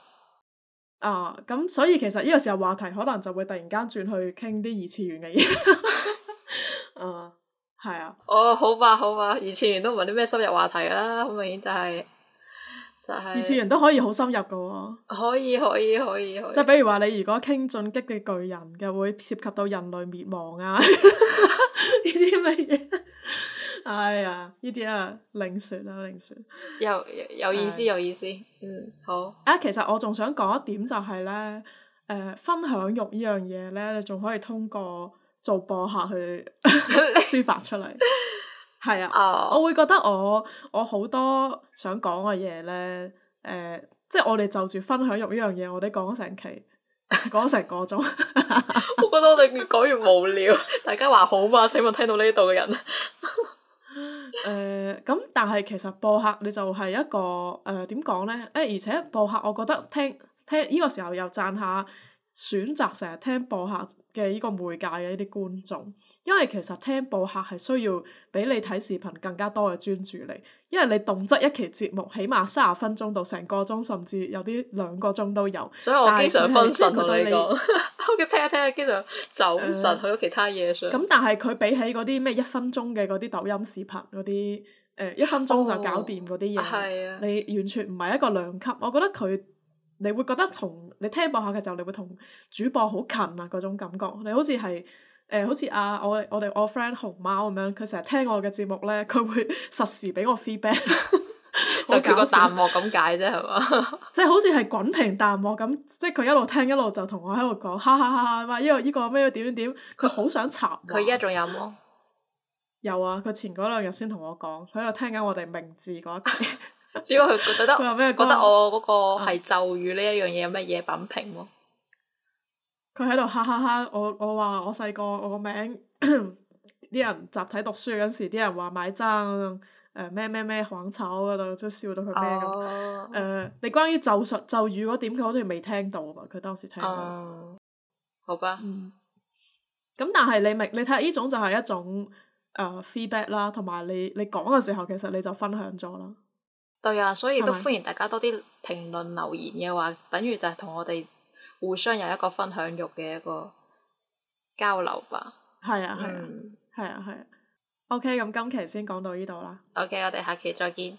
啊，咁所以其實呢個時候話題可能就會突然間轉去傾啲二次元嘅嘢。 啊，係啊。哦，oh, 好吧，好吧，二次元都唔係啲咩深入話題啦，好明顯就係、是。就是、二次元都可以好深入噶喎，哦，可以可以可以，可以即係比如話，你如果傾進擊嘅巨人，嘅會涉及到人類滅亡啊呢啲乜嘢？ 哎呀，呢啲啊，另算啦，啊，另算。有有，有，意是有意思，有意思，嗯，好。啊，其實我仲想講一點就係、是、咧，誒、呃，分享欲呢樣嘢咧，你仲可以通過做播客去抒 發出嚟。 係啊，uh, 我會覺得我我好多想講嘅嘢呢，誒、呃，即係我哋就住分享用呢樣嘢，我哋講成期，講成個鐘，我覺得我哋越講越無聊。大家話好嘛？請問聽到呢度嘅人，誒、 呃，咁但係其實播客你就係一個誒，點講呢？誒，而且播客我覺得聽聽呢個時候又讚下。選擇成日聽播客嘅呢個媒介嘅呢啲觀眾，因為其實聽播客係需要比你睇視頻更加多嘅專注力，因為你動則一期節目起碼三十分鐘到成個鐘，甚至有啲兩個鐘都有。所以我經常分神我呢你，他他你你 我嘅聽一聽，聽，經常走神去咗其他嘢上。咁、呃、但係佢比起嗰啲咩一分鐘嘅嗰啲抖音視頻嗰啲，誒、呃，一分鐘就搞掂嗰啲嘢，啊、你完全唔係一個兩級，我覺得佢。你會覺得同你聽播客嘅時候，你會同主播好近啊嗰種感覺，你好似係誒，好似啊我我哋我 friend 熊貓咁樣，佢成日聽我嘅節目咧，佢會實時俾我 feedback， 就個彈幕咁解啫，係嘛？即係好似係滾屏彈幕咁，即係佢一路聽一路就同我喺度講，哈哈哈，哈！話、這、依個呢、依個咩點、依個、點點，佢好想插。佢依家仲有冇？有啊，佢前嗰兩日先同我講，佢喺度聽緊我哋名字嗰一集。 只不過佢覺得佢咩？覺得我嗰個係咒語呢一樣嘢，有乜嘢品評咯？佢喺度哈哈哈！我我話我細個我個名啲 人集體讀書嗰時，啲人話買爭誒咩咩咩狂炒嗰度，即、呃、係笑到佢咩咁誒？你關於咒術咒語嗰點，佢好似未聽到噃？佢當時聽到時、啊，好吧。咁、嗯、但係你明你睇下呢種就係一種誒、呃、feedback 啦，同埋你你講嘅時候，其實你就分享咗啦。對啊，所以都歡迎大家多啲評論留言嘅話，等於就係同我哋互相有一個分享欲嘅一個交流吧。係啊係啊，係啊係啊。OK，咁今期先講到呢度啦。OK，我哋下期再見。